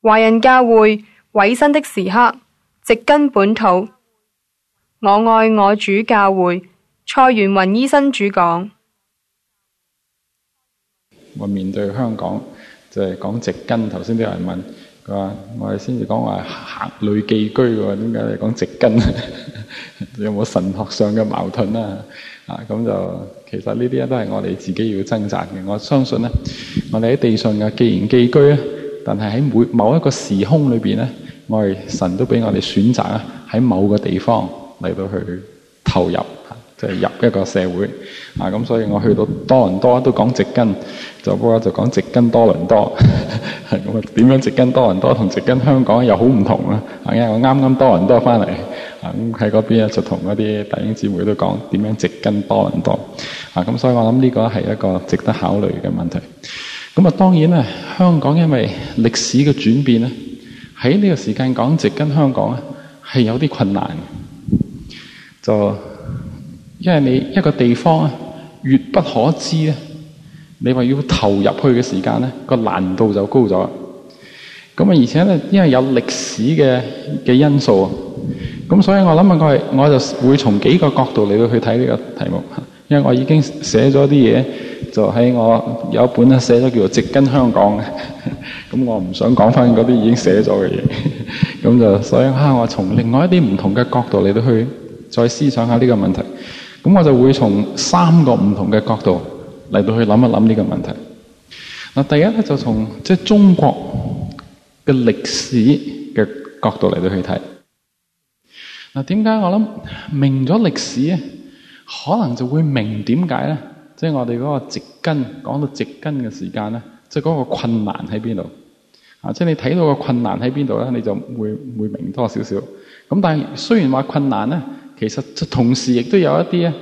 華人教會委身的時刻，植根本土。我愛我主教會，蔡元雲醫生主講。我面對香港就係講植根。頭先都有人問佢話，說我哋先至講話客旅寄居嘅，點解你講植根？ 有冇神學上嘅矛盾啊？啊，咁就其實呢啲都係我哋自己要掙扎嘅。我相信咧，我哋喺地上嘅，既然寄居咧。但係喺每某一個時空裏邊咧，我哋神都俾我哋選擇啊，喺某個地方嚟到去投入，即、就、係、是、入一個社會啊。咁所以我去到多倫多都講植根，就不過就講植根多倫多係咁啊。點 樣植根多倫多同植根香港又好唔同啊？啊，因為我啱啱多倫多翻嚟啊，咁喺嗰邊就同嗰啲弟兄姊妹都講點樣植根多倫多啊。咁所以我諗呢個係一個值得考慮嘅問題。咁啊，當然啊，香港因為歷史嘅轉變咧，喺呢個時間港籍跟香港啊，係有啲困難，就因為你一個地方啊，越不可知咧，你話要投入去嘅時間咧，個難度就高咗。咁啊，而且咧，因為有歷史嘅嘅因素，啊，咁所以我諗啊，我係我就會從幾個角度嚟到去睇呢個題目。因為我已經寫咗啲嘢，就喺我有一本啊寫咗叫做《植根香港》嘅，咁我唔想講翻嗰啲已經寫咗嘅嘢，咁就所以啊，我從另外一啲唔同嘅角度嚟到去再思想下呢個問題，咁我就會從三個唔同嘅角度嚟到去諗一諗呢個問題。嗱，第一咧就從即係中國嘅歷史嘅角度嚟到去睇。嗱，點解我諗明咗歷史啊？可能就會明點解咧，即係我哋嗰個植根講到植根嘅時間咧，即係嗰個困難喺邊度啊？即係你睇到個困難喺邊度咧，你就會會明多少少。咁但係雖然話困難咧，其實同時亦都有一啲咧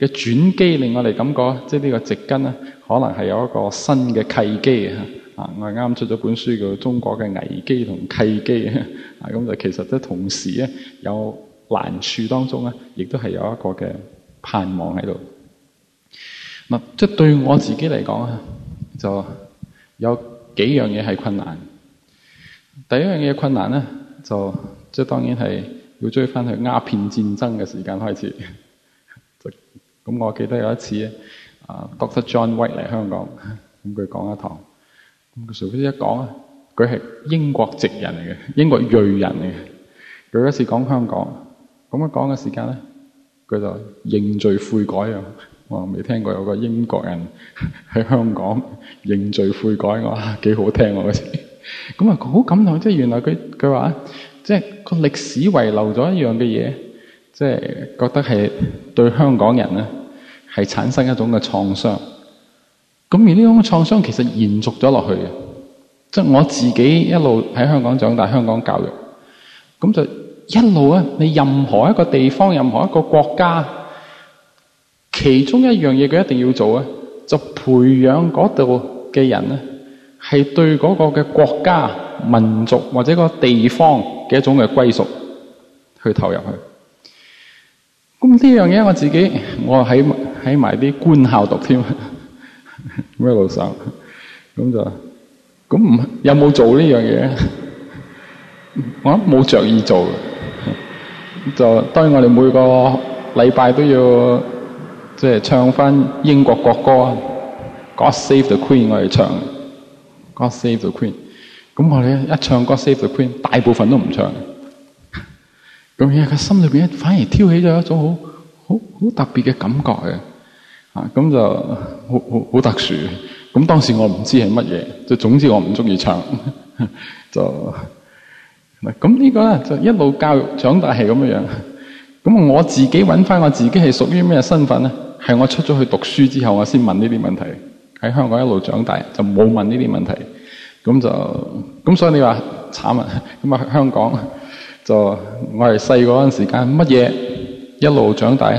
嘅轉機，令我哋感覺即係呢個植根咧，可能係有一個新嘅契機啊！我啱出咗本書叫《中國嘅危機同契機》，咁就其實即係同時咧有難處當中咧，亦都係有一個嘅。盼望喺度。嗱，即係對我自己嚟講啊，就有幾樣嘢係困難。第一樣嘢困難咧，就即係當然係要追翻去鴉片戰爭嘅時間開始。咁我記得有一次啊，Doctor John White 嚟香港，咁佢講一堂，咁佢隨便一講啊，佢係英國籍人嚟嘅，英國裔人嚟嘅。佢一次講香港，咁佢講嘅時間咧。佢就認罪悔改啊！我未聽過有個英國人喺香港認罪悔改，我話幾好聽喎！咁啊，好感動，即係原來佢佢話，即係個歷史遺留咗一樣嘅嘢，即係覺得係對香港人咧係產生一種嘅創傷。咁而呢種嘅創傷其實延續咗落去，即係我自己一路喺香港長大，香港教育，咁就。一路啊，你任何一個地方、任何一個國家，其中一樣嘢佢一定要做啊，就培養嗰度嘅人咧，係對嗰個嘅國家、民族或者個地方嘅一種嘅歸屬去投入去。咁呢樣嘢我自己，我喺喺埋啲官校讀添，咩老生，咁就咁唔有冇做呢樣嘢？ 我諗冇着意做。就當然我哋每個禮拜都要即係、就是、唱翻英國國歌，God Save the Queen，我哋唱 God Save the Queen。咁我哋一唱 God Save the Queen，Save the Queen 大部分都唔唱。咁佢喺心裏面反而挑起咗一種好好好特別嘅感覺嘅，啊咁就好好好特殊。咁當時我唔知係乜嘢，就總之我唔中意唱就。咁呢個咧就一路教育長大係咁樣樣，咁我自己搵翻我自己係屬於咩身份咧？係我出咗去讀書之後，我先問呢啲問題。喺香港一路長大就冇問呢啲問題，咁就咁所以你話慘啊！咁啊香港就我係細個嗰陣時間乜嘢一路長大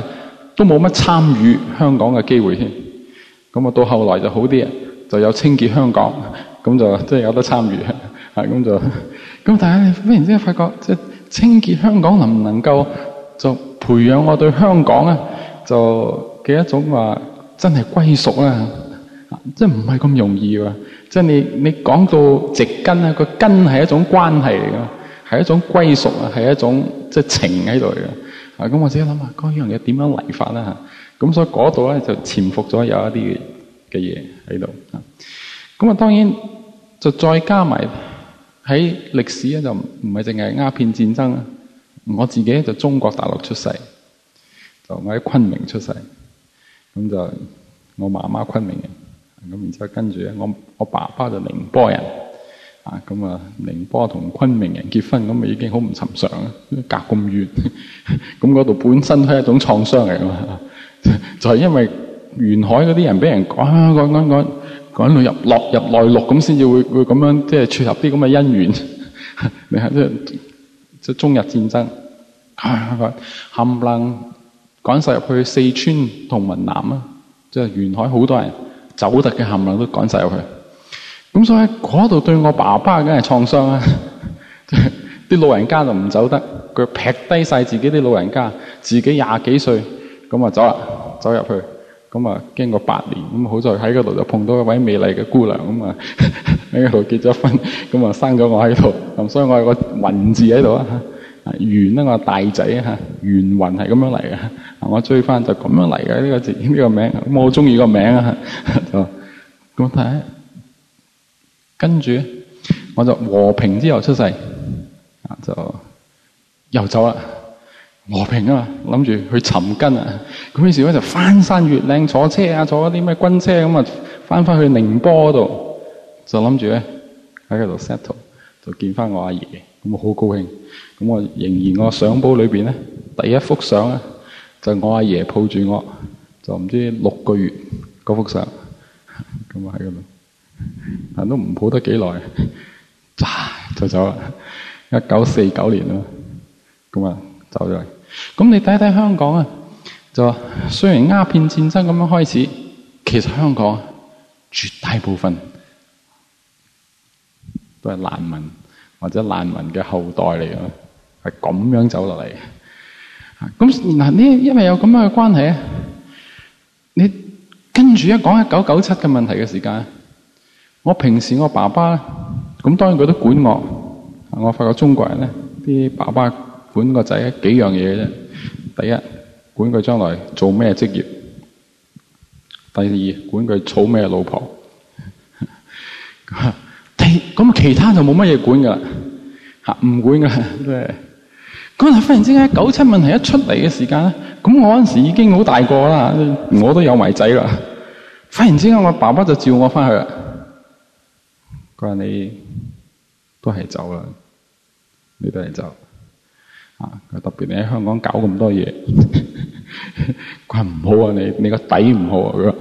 都冇乜參與香港嘅機會添。咁啊到後來就好啲，就有清潔香港，咁就真係有得參與，係咁就。咁大家忽然之間發覺，即係清潔香港能唔能夠就培養我對香港啊，就嘅一種話真係歸屬啊，即係唔係咁容易喎。即係你你講到植根啊，個根係一種關係嚟噶，係一種歸屬啊，係一種即係情喺度嘅。啊咁，我自己諗下嗰樣嘢點樣嚟法啦吓。咁所以嗰度咧就潛伏咗有一啲嘅嘢喺度。咁啊，當然就再加埋。喺歷史咧就唔唔係淨係鴉片戰爭啊！我自己就中國大陸出世，就喺昆明出世。咁就我媽媽昆明人，咁然之後跟住咧，我我爸爸就寧波人。啊咁啊，寧波同昆明人結婚咁啊已經好唔尋常啊，隔咁遠。咁嗰度本身都係一種創傷嚟㗎嘛，就係、是、因為沿海嗰啲人俾人講講講。啊啊啊啊啊趕落入落入，入內陸，咁先至會會咁樣，即係撮合啲咁嘅姻緣。你睇即係即係中日戰爭，冚唪唥趕晒入去四川同雲南啊！即係沿海好多人走得嘅冚唪唥都趕晒入去。咁所以嗰度對我爸爸梗係創傷啊！啲老人家就唔走得，佢劈低晒自己啲老人家，自己廿幾歲咁啊走啦，走入去。咁啊，經過八年，咁好在喺嗰度就碰到一位美麗嘅姑娘，咁啊喺嗰度結咗婚，咁啊生咗我喺度，咁所以我有個雲字喺度啊，元啦我大仔嚇，元雲係咁樣嚟嘅，我追翻就咁樣嚟嘅呢個字呢、呢個名，我好中意個名啊，就咁睇，跟住我就和平之後出世，就又走啦。和平啊嘛，諗住去尋根啊，咁於是咧就翻山越嶺坐車啊，坐啲咩軍車咁啊，翻翻去寧波嗰度，就諗住咧喺嗰度 settle，就見翻我阿爺，咁我好高興，咁我仍然我相簿裏邊咧第一幅相咧就我阿爺抱住我，就唔知六個月嗰幅相，咁啊喺度但都唔抱得幾耐，咋就走啦。一九四九年啊，咁啊走咗。咁你睇睇香港啊，就話雖然鴉片戰爭咁樣開始，其實香港絕大部分都係難民或者難民嘅後代嚟咯，係咁樣走落嚟。咁你因為有咁樣嘅關係，你跟住一講一九九七嘅問題嘅時間，我平時我爸爸咧，咁當然佢都管我。我發覺中國人咧啲爸爸。管個仔幾樣嘢啫，第一管佢將來做咩職業，第二管佢娶咩老婆，第 咁其他就冇乜嘢管噶啦，吓、啊、唔管噶啦，即係咁啊！忽然之間，九七問題一出嚟嘅時間咧，咁我嗰陣時已經好大個啦，我都有埋仔啦。忽然之間，我爸爸就召我翻去啦，佢話 你都係走啦，你都係走。啊！特別你喺香港搞咁多嘢，佢話唔好啊！你，你個底唔好啊！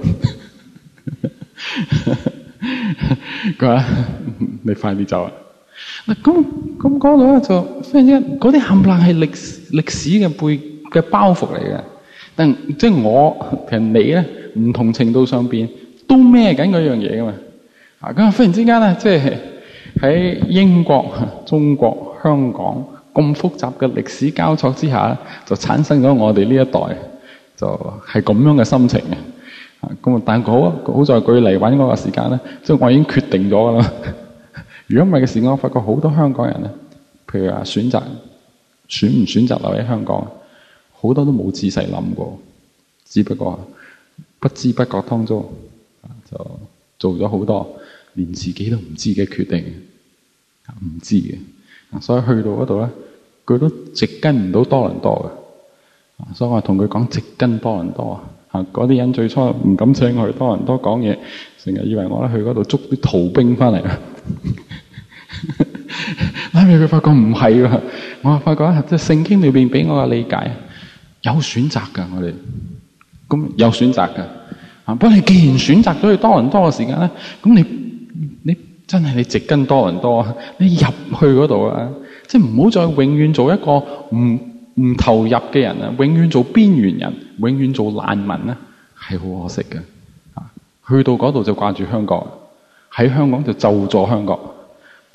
佢話，佢話 你快啲走啊！嗱，咁咁講咗就，忽然之間嗰啲冚唪唥係歷歷史嘅背嘅包袱嚟嘅。但即係我同你咧，唔同程度上邊都孭緊嗰樣嘢嘅嘛。啊！咁啊，忽然之間咧，即係喺英國、中國、香港。咁複雜嘅歷史交錯之下，就產生咗我哋呢一代，就係咁樣嘅心情嘅。啊，咁啊，但係好啊，好在佢嚟搵我嘅時間咧，即係我已經決定咗噶啦。如果唔係嘅時間，我發覺好多香港人咧，譬如話選擇選唔選擇留喺香港，好多都冇仔細諗過，只不過不知不覺當中就做咗好多連自己都唔知嘅決定，唔知嘅。所以去到嗰度咧，佢都直跟唔到多倫多嘅，所以我同佢講直跟多倫多啊，吓，嗰啲人最初唔敢請我去多倫多講嘢，成日以為我咧去嗰度捉啲逃兵翻嚟，但係佢發覺唔係啊，我發覺喺《聖經》裏邊俾我嘅理解，有選擇噶，我哋，咁有選擇噶，啊，不過你既然選擇咗去多倫多嘅時間咧，咁你。真係你植根多倫多啊！你入去嗰度啊，即係唔好再永遠做一個唔唔投入嘅人啊，永遠做邊緣人，永遠做難民咧，係好可惜嘅啊！去到嗰度就掛住香港，喺香港就就做香港，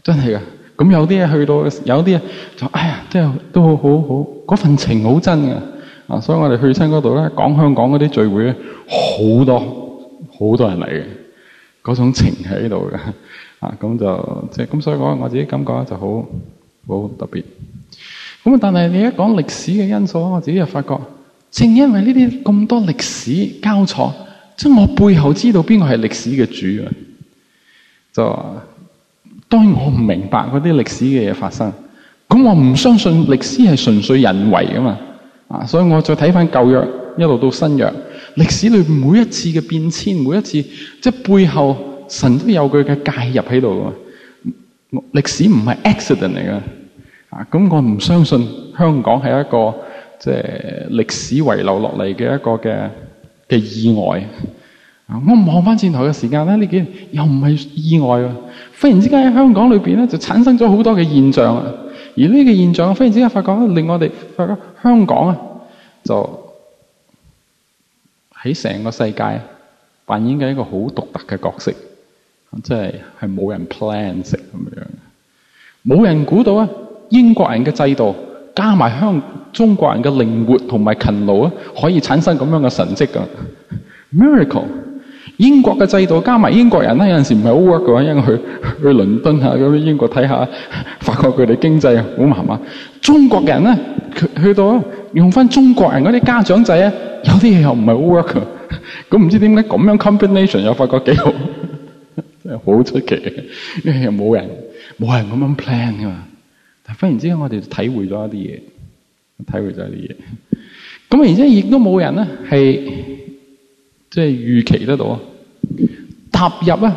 真係啊。咁有啲啊去到，有啲啊就哎呀，即係都好好好嗰份情好真嘅啊！所以我哋去親嗰度咧，講香港嗰啲聚會咧，好多好多人嚟嘅，嗰種情喺度嘅。啊，咁就即係咁，所以講我自己感覺就好好特別。咁啊，但係你一講歷史嘅因素，我自己又發覺，正因為呢啲咁多歷史交錯，即係我背後知道邊個係歷史嘅主啊。就當然我唔明白嗰啲歷史嘅嘢發生，咁我唔相信歷史係純粹人為噶嘛。啊，所以我再睇翻舊約一路到新約，歷史裏邊每一次嘅變遷，每一次即係背後。神都有佢嘅介入喺度，歷史唔係 accident 嚟嘅。啊，咁我唔相信香港係一個即係歷史遺留落嚟嘅一個嘅嘅意外。我望翻轉頭嘅時間咧，呢幾年又唔係意外。忽然之間喺香港裏邊咧，就產生咗好多嘅現象啊！而呢個現象，忽然之間發覺令我哋發覺香港啊，就喺成個世界扮演緊一個好獨特嘅角色。即係係冇人 plan 食咁樣，冇人估到啊！英國人嘅制度加埋香中國人嘅靈活同埋勤勞啊，可以產生咁樣嘅神跡㗎！Miracle！英國嘅制度加埋英國人咧，有陣時唔係好 work 嘅，因為去去倫敦啊，咁啲英國睇下，發覺佢哋經濟好麻麻。中國人咧，去到用翻中國人嗰啲家長制啊，有啲嘢又唔係好 work 嘅，咁唔知點解咁樣 combination 又發覺幾好。真係好出奇，因為又冇人冇人咁樣 plan 噶嘛，但忽然之間我哋體會咗一啲嘢，體會咗一啲嘢，咁然之後亦都冇人咧係即係預期得到，踏入啊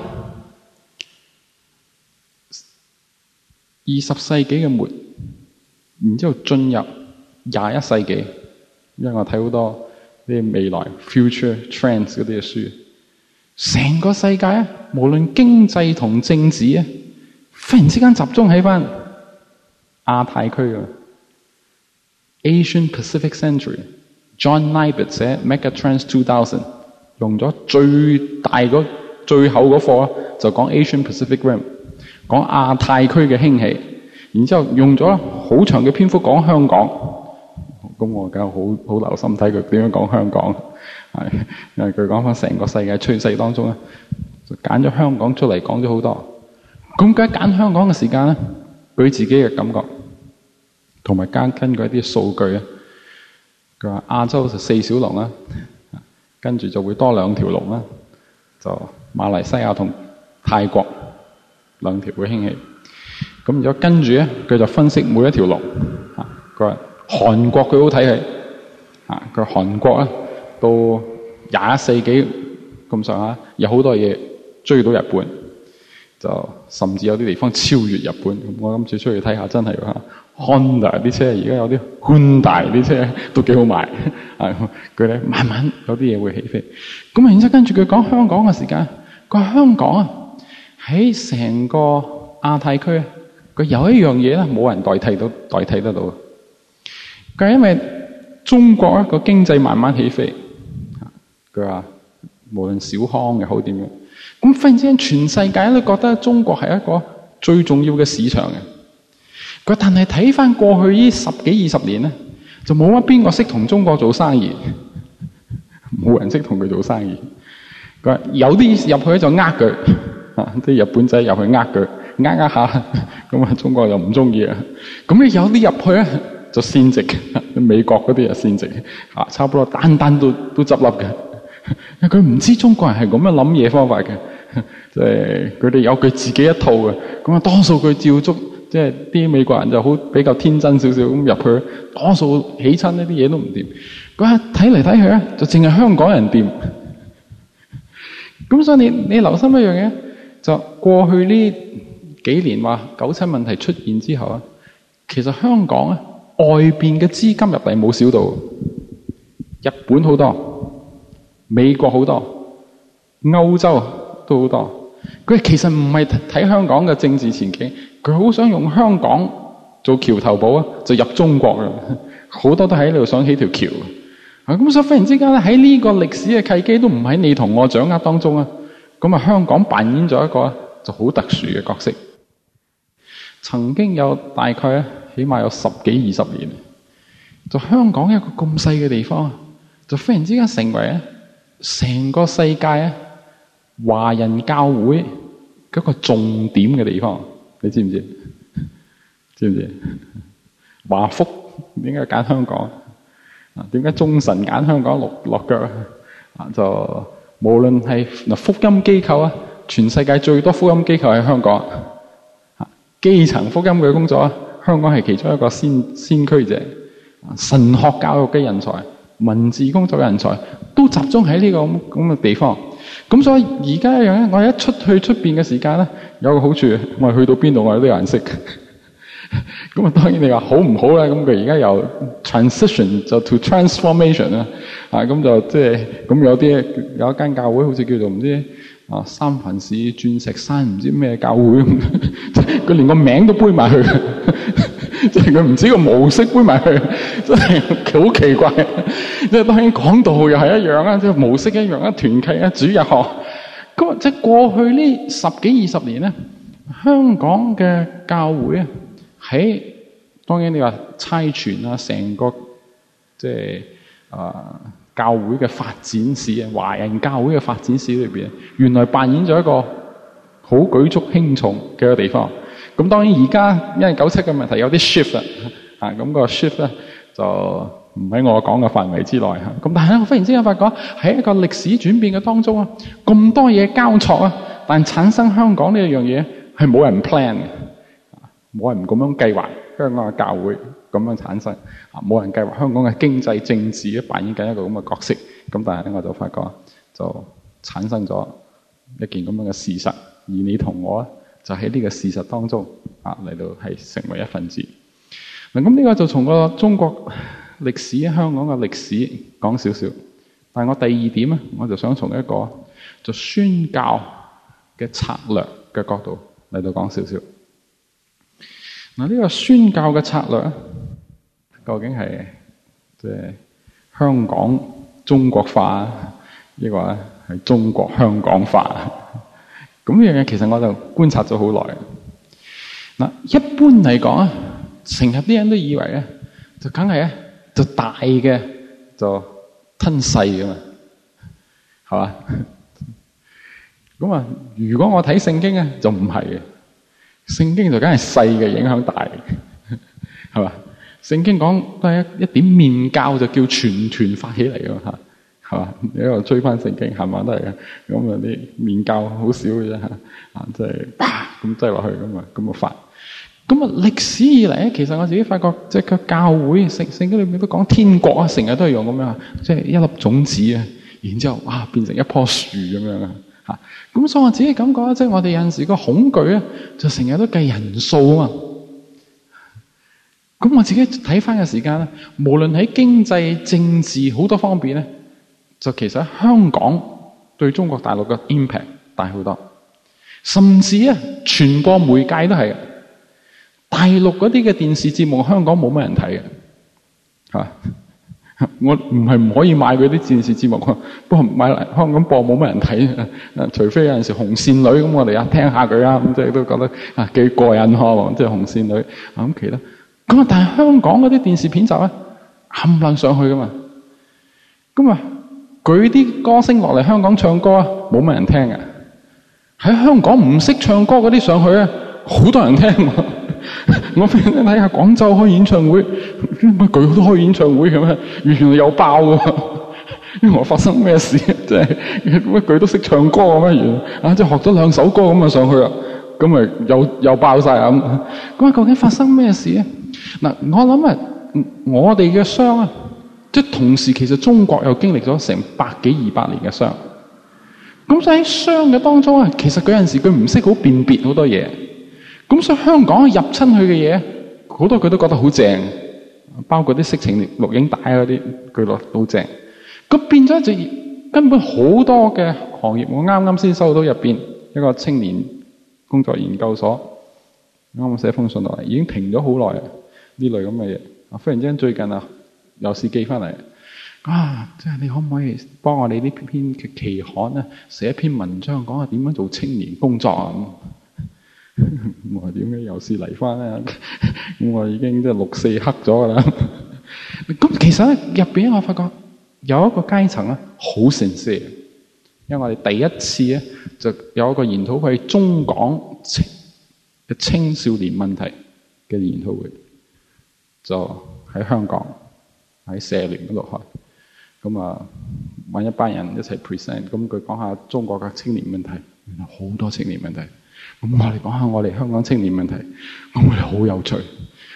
二十世紀嘅末，然之後進入廿一世紀，因為我睇好多啲未來 future trends 嗰啲嘅書。成個世界啊，無論經濟同政治啊，忽然之間集中喺翻亞太區啊。Asian Pacific Century，John Naisbitt 寫《Megatrends 2000》，用咗最大個、最後嗰課就講 Asian Pacific Rim，講亞太區嘅興起。然之後用咗好長嘅篇幅講香港，咁我而家好好留心睇佢點樣講香港。係，因為佢講翻成個世界趨勢當中啊，就揀咗香港出嚟講咗好多。咁梗係揀香港嘅時間啦，佢自己嘅感覺同埋根據一啲數據啊。佢話亞洲就四小龍啦，跟住就會多兩條龍啦，就馬來西亞同泰國兩條會興起。咁如果跟住咧，佢就分析每一條龍啊。佢話韓國佢好睇氣啊，佢韓國啊。到廿四幾咁上下，有好多嘢追到日本，就甚至有啲地方超越日本。我諗住出去睇下，真係啊，漢達啲車而家有啲 Honda 啲車都幾好賣。係佢咧慢慢有啲嘢會起飛。咁然之後跟住佢講香港嘅時間，佢話香港啊喺成個亞太區，佢有一樣嘢咧冇人代替到代替得到。佢係因為中國一個經濟慢慢起飛。佢話無論小康嘅好點樣，咁忽然之間全世界都覺得中國係一個最重要嘅市場嘅。佢但係睇翻過去呢十幾二十年咧，就冇乜邊個識同中國做生意，冇人識同佢做生意。佢有啲入去就呃佢，嚇啲日本仔入去呃佢，呃呃下，咁啊中國又唔中意啊。咁有啲入去咧就先值，美國嗰啲又先值，差唔多單單都都執笠嘅。佢唔知中國人係咁樣諗嘢方法嘅，即係佢哋有佢自己一套嘅。咁啊，多數佢照足，即係啲美國人就好比較天真少少咁入去，多數起親呢啲嘢都唔掂。佢睇嚟睇去咧，就淨係香港人掂。咁所以你你留心一樣嘢，就過去呢幾年話九七問題出現之後啊，其實香港啊外邊嘅資金入嚟冇少到，日本好多。美國好多，歐洲都好多。佢其實唔係睇香港嘅政治前景，佢好想用香港做橋頭堡啊，就入中國，好多都喺度想起條橋啊。咁所以忽然之間咧，喺呢個歷史嘅契機都唔喺你同我掌握當中啊。咁啊，香港扮演咗一個就好特殊嘅角色。曾經有大概啊，起碼有十幾二十年，就香港一個咁細嘅地方，就忽然之間成為成個世界啊，華人教會嗰個重點嘅地方，你知唔知？知唔知？華福點解揀香港？啊，點解中神揀香港落落腳？啊，就無論係嗱福音機構啊，全世界最多福音機構喺香港。啊，基層福音嘅工作啊，香港係其中一個先先驅者。神學教育嘅人才。文字工作嘅人才都集中喺呢、這個咁咁嘅地方，咁所以而家一樣我一出去出面嘅時間咧，有個好處，我去到邊度我都有顏色。咁啊，當然你話好唔好咧？咁佢而家由 transition 就 to transformation 啦，啊咁就即係咁有啲有一間教會好似叫做唔知啊三藩市鑽石山唔知咩教會，佢 連個名都背埋去 即係佢唔知個模式搬埋去，真係好奇怪。即係當然講道又係一樣啊，即係模式一樣啊，團契啊，主日學。咁即係過去呢十幾二十年咧，香港嘅教會啊，喺當然你話差傳啊，成個即係啊、呃、教會嘅發展史啊，華人教會嘅發展史裏邊，原來扮演咗一個好舉足輕重嘅個地方。咁當然而家因為九七嘅問題有啲 shift 啊，啊、啊、咁個 shift 咧就唔喺我講嘅範圍之內嚇。咁但係咧我忽然之間發覺喺一個歷史轉變嘅當中啊，咁多嘢交錯啊，但產生香港呢一樣嘢係冇人 plan 嘅，冇人咁樣計劃香港嘅教會咁樣產生啊，冇人計劃香港嘅經濟政治扮演緊一個咁嘅角色。咁但係咧我就發覺就產生咗一件咁樣嘅事實。而你同我就喺呢個事實當中啊，嚟到係成為一份子。嗱，咁呢個就從個中國歷史、香港嘅歷史講少少。但係我第二點啊，我就想從一個就宣教嘅策略嘅角度嚟到講少少。嗱、這、呢個宣教嘅策略究竟係即係香港中國化呢個咧，係中國香港化？咁樣嘢其實我就觀察咗好耐。嗱，一般嚟講啊，成日啲人都以為咧，就梗係呢，就大嘅就吞細嘅嘛，係嘛？咁啊，如果我睇聖經啊，就唔係嘅。聖經就梗係細嘅影響大，係嘛？聖經講都係一一點麵教就叫全團發起嚟㗎嘛。你嘛？你又 追翻聖經，冚唪唥都係嘅。咁啊啲面教好少嘅啫吓，啊即係咁擠落去咁啊，咁啊煩。咁啊，歷史以嚟咧，其實我自己發覺，即係教教會聖聖經裏面都講天國啊，成日都係用咁樣，即係一粒種子啊，然之後啊變成一棵樹咁樣啊。吓，咁所以我自己感覺即係我哋有陣時個恐懼就成日都計人數啊。咁我自己睇翻嘅時間咧，無論喺經濟、政治好多方面咧。就其實香港對中國大陸嘅 impact 大好多，甚至啊，全國媒介都係大陸嗰啲嘅電視節目，香港冇乜人睇嘅，係嘛？我唔係唔可以買嗰啲電視節目啊，不過買嚟香港播冇乜人睇，除非有陣時有紅線女咁，我哋啊聽下佢啊，咁即係都覺得啊幾過癮喎。即係紅線女咁其得咁啊。但係香港嗰啲電視片集啊，冚唪唥上去噶嘛，咁啊。佢啲歌星落嚟香港唱歌，冇乜人聽㗎。喺香港唔識唱歌嗰啲上去，好多人聽。我俾你睇下廣州開演唱會，咪佢都開演唱會咁啊，完全有爆！因為我發生咩事啊？即係乜佢都識唱歌嘅？原來啊，即係學咗兩首歌咁啊上去啦，咁啊又又爆曬啊！咁啊，究竟發生咩事啊？嗱，我諗啊，我哋嘅傷啊。即係同時，其實中國又經歷咗成百幾二百年嘅傷，咁所以喺傷嘅當中啊，其實嗰陣時佢唔識好辨別好多嘢，咁所以香港入親佢嘅嘢，好多佢都覺得好正，包括啲色情錄影帶嗰啲，佢落到好正，咁變咗就隻根本好多嘅行業，我啱啱先收到入邊一個青年工作研究所，啱啱寫封信落嚟，已經停咗好耐，呢類咁嘅嘢，啊，忽然之間最近啊～又係寄翻嚟啊！即係你可唔可以幫我哋呢篇嘅期刊咧寫一篇文章，講下點樣做青年工作啊？唔係，點解又係嚟翻啊？ 我已經即係六四黑咗噶啦。咁 其實咧入邊，面我發覺有一個階層咧好 sincere 嘅，因為我哋第一次咧就有一個研討會，中港嘅青少年問題嘅研討會，就喺香港。喺社聯嗰度去，咁啊揾一班人一齊 present，咁佢講下中國嘅青年問題，原來好多青年問題。咁我哋講下我哋香港青年問題，咁我哋好有趣，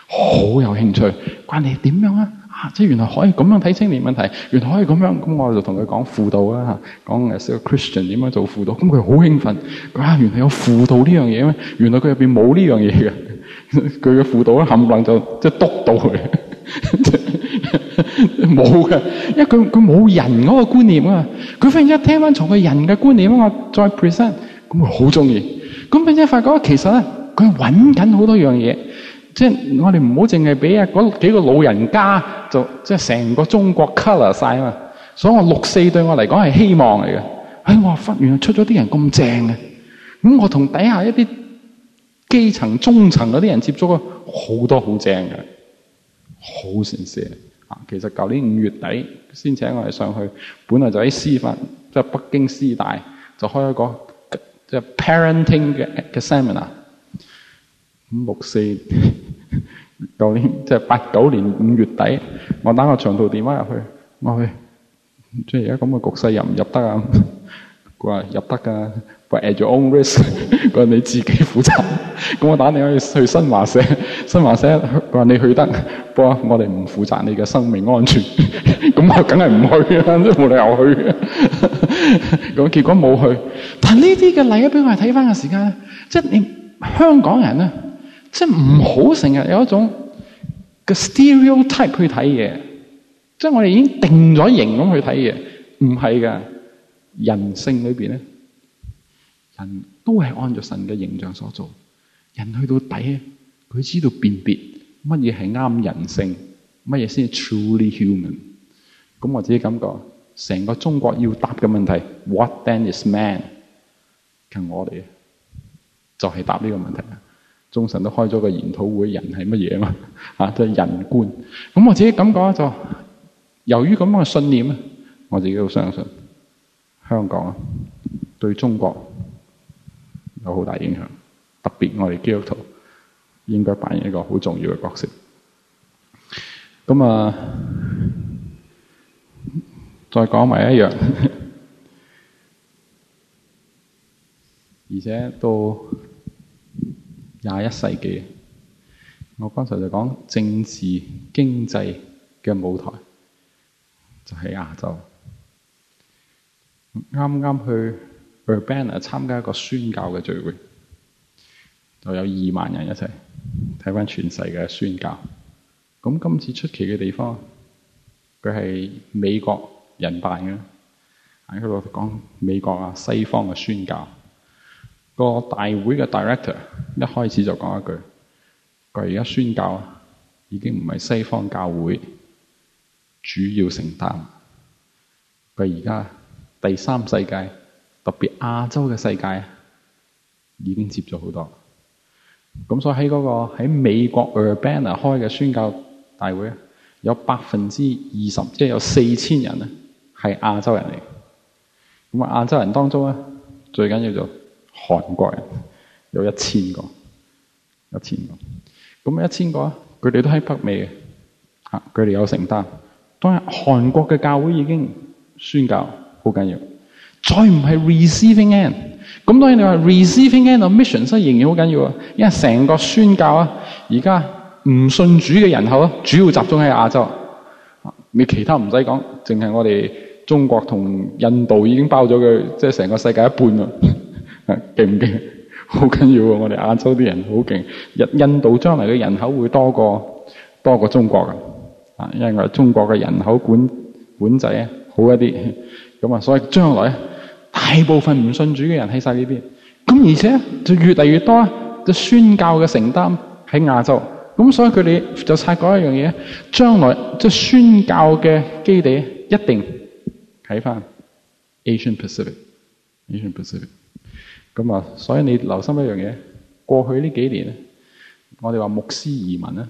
好有興趣。關你點樣啊？啊，即係原來可以咁樣睇青年問題，原來可以咁樣。咁我就同佢講輔導啊，講誒，as a Christian 點樣做輔導。咁佢好興奮，啊，原來有輔導呢樣嘢咩？原來佢入邊冇呢樣嘢嘅，佢嘅輔導冚唪唥就即係督到佢。冇嘅，因為佢佢冇人嗰個觀念啊。佢忽然一聽翻從佢人嘅觀念，我再 present，咁我好中意。咁，並且發覺其實咧，佢搵緊好多樣嘢，即係我哋唔好淨係俾啊嗰幾個老人家，就即係成個中國 colour 晒啊嘛。所以，我六四對我嚟講係希望嚟嘅。哎我忽然出咗啲人咁正嘅，咁我同底下一啲基層中層嗰啲人接觸啊，好多好正嘅，好正事。其實舊年五月底先請我哋上去，本來就喺師範，即係北京師大，就開一個即係 parenting 嘅嘅 seminar 咁六四，舊 年即係八九年五月底，我打個長途電話入去，我話，即係而家咁嘅局勢入唔入得啊？佢話入得㗎，佢話 at your own risk，佢話 你自己負責。咁我打你去去新華社，新華社佢話你去得，不過我哋唔負責你嘅生命安全。咁 我梗係唔去啊，即係冇理由去嘅。咁 結果冇去。但呢啲嘅例啊，俾我哋睇翻嘅時間咧，即係你香港人咧，即係唔好成日有一種嘅 stereotype 去睇嘢，即係我哋已經定咗型咁去睇嘢，唔係㗎，人性裏邊咧，人都係按住神嘅形象所做。人去到底啊，佢知道辨別乜嘢係啱人性，乜嘢先係 truly human。咁我自己感覺，成個中國要答嘅問題，what then is man？同我哋就係答呢個問題啊！眾神都開咗個研討會，人係乜嘢啊？嘛，吓即係人觀。咁我自己感覺就，由於咁嘅信念啊，我自己都相信，香港啊對中國有好大影響。特別我哋基督徒應該扮演一個好重要嘅角色。咁啊，再講埋一樣，而且到廿一世紀，我剛才就講政治經濟嘅舞台就喺亞洲。啱啱去 Urban 啊參加一個宣教嘅聚會。就有二萬人一齊睇翻全世嘅宣教。咁今次出奇嘅地方，佢係美國人辦嘅喺度講美國啊，西方嘅宣教個大會嘅 director 一開始就講一句，佢而家宣教已經唔係西方教會主要承擔，佢而家第三世界特別亞洲嘅世界已經接咗好多。咁所以喺嗰個喺美國 Urbana 開嘅宣教大會有，就是，有百分之二十，即係有四千人啊，係亞洲人嚟嘅。咁啊，亞洲人當中咧，最緊要就韓國人，有一千個，一千個。咁啊，一千個，佢哋都喺北美嘅，吓，佢哋有承擔。當日韓國嘅教會已經宣教好緊要，再唔係 Receiving End。咁當然你話 receiving end of mission，所以仍然好緊要啊！因為成個宣教啊，而家唔信主嘅人口啊，主要集中喺亞洲。你其他唔使講，淨係我哋中國同印度已經包咗佢，即係成個世界一半啊！勁唔勁？好緊要啊！我哋亞洲啲人好勁，印印度將來嘅人口會多過多過中國㗎。啊，因為中國嘅人口管管制啊，好一啲。咁啊，所以將來。大部分唔信主嘅人喺晒呢邊，咁而且就越嚟越多嘅宣教嘅承擔喺亞洲，咁所以佢哋就察覺一樣嘢，將來即係宣教嘅基地一定喺翻 Asian Pacific, Asian Pacific，Asian Pacific。咁啊，所以你留心一樣嘢，過去呢幾年，我哋話牧師移民啊，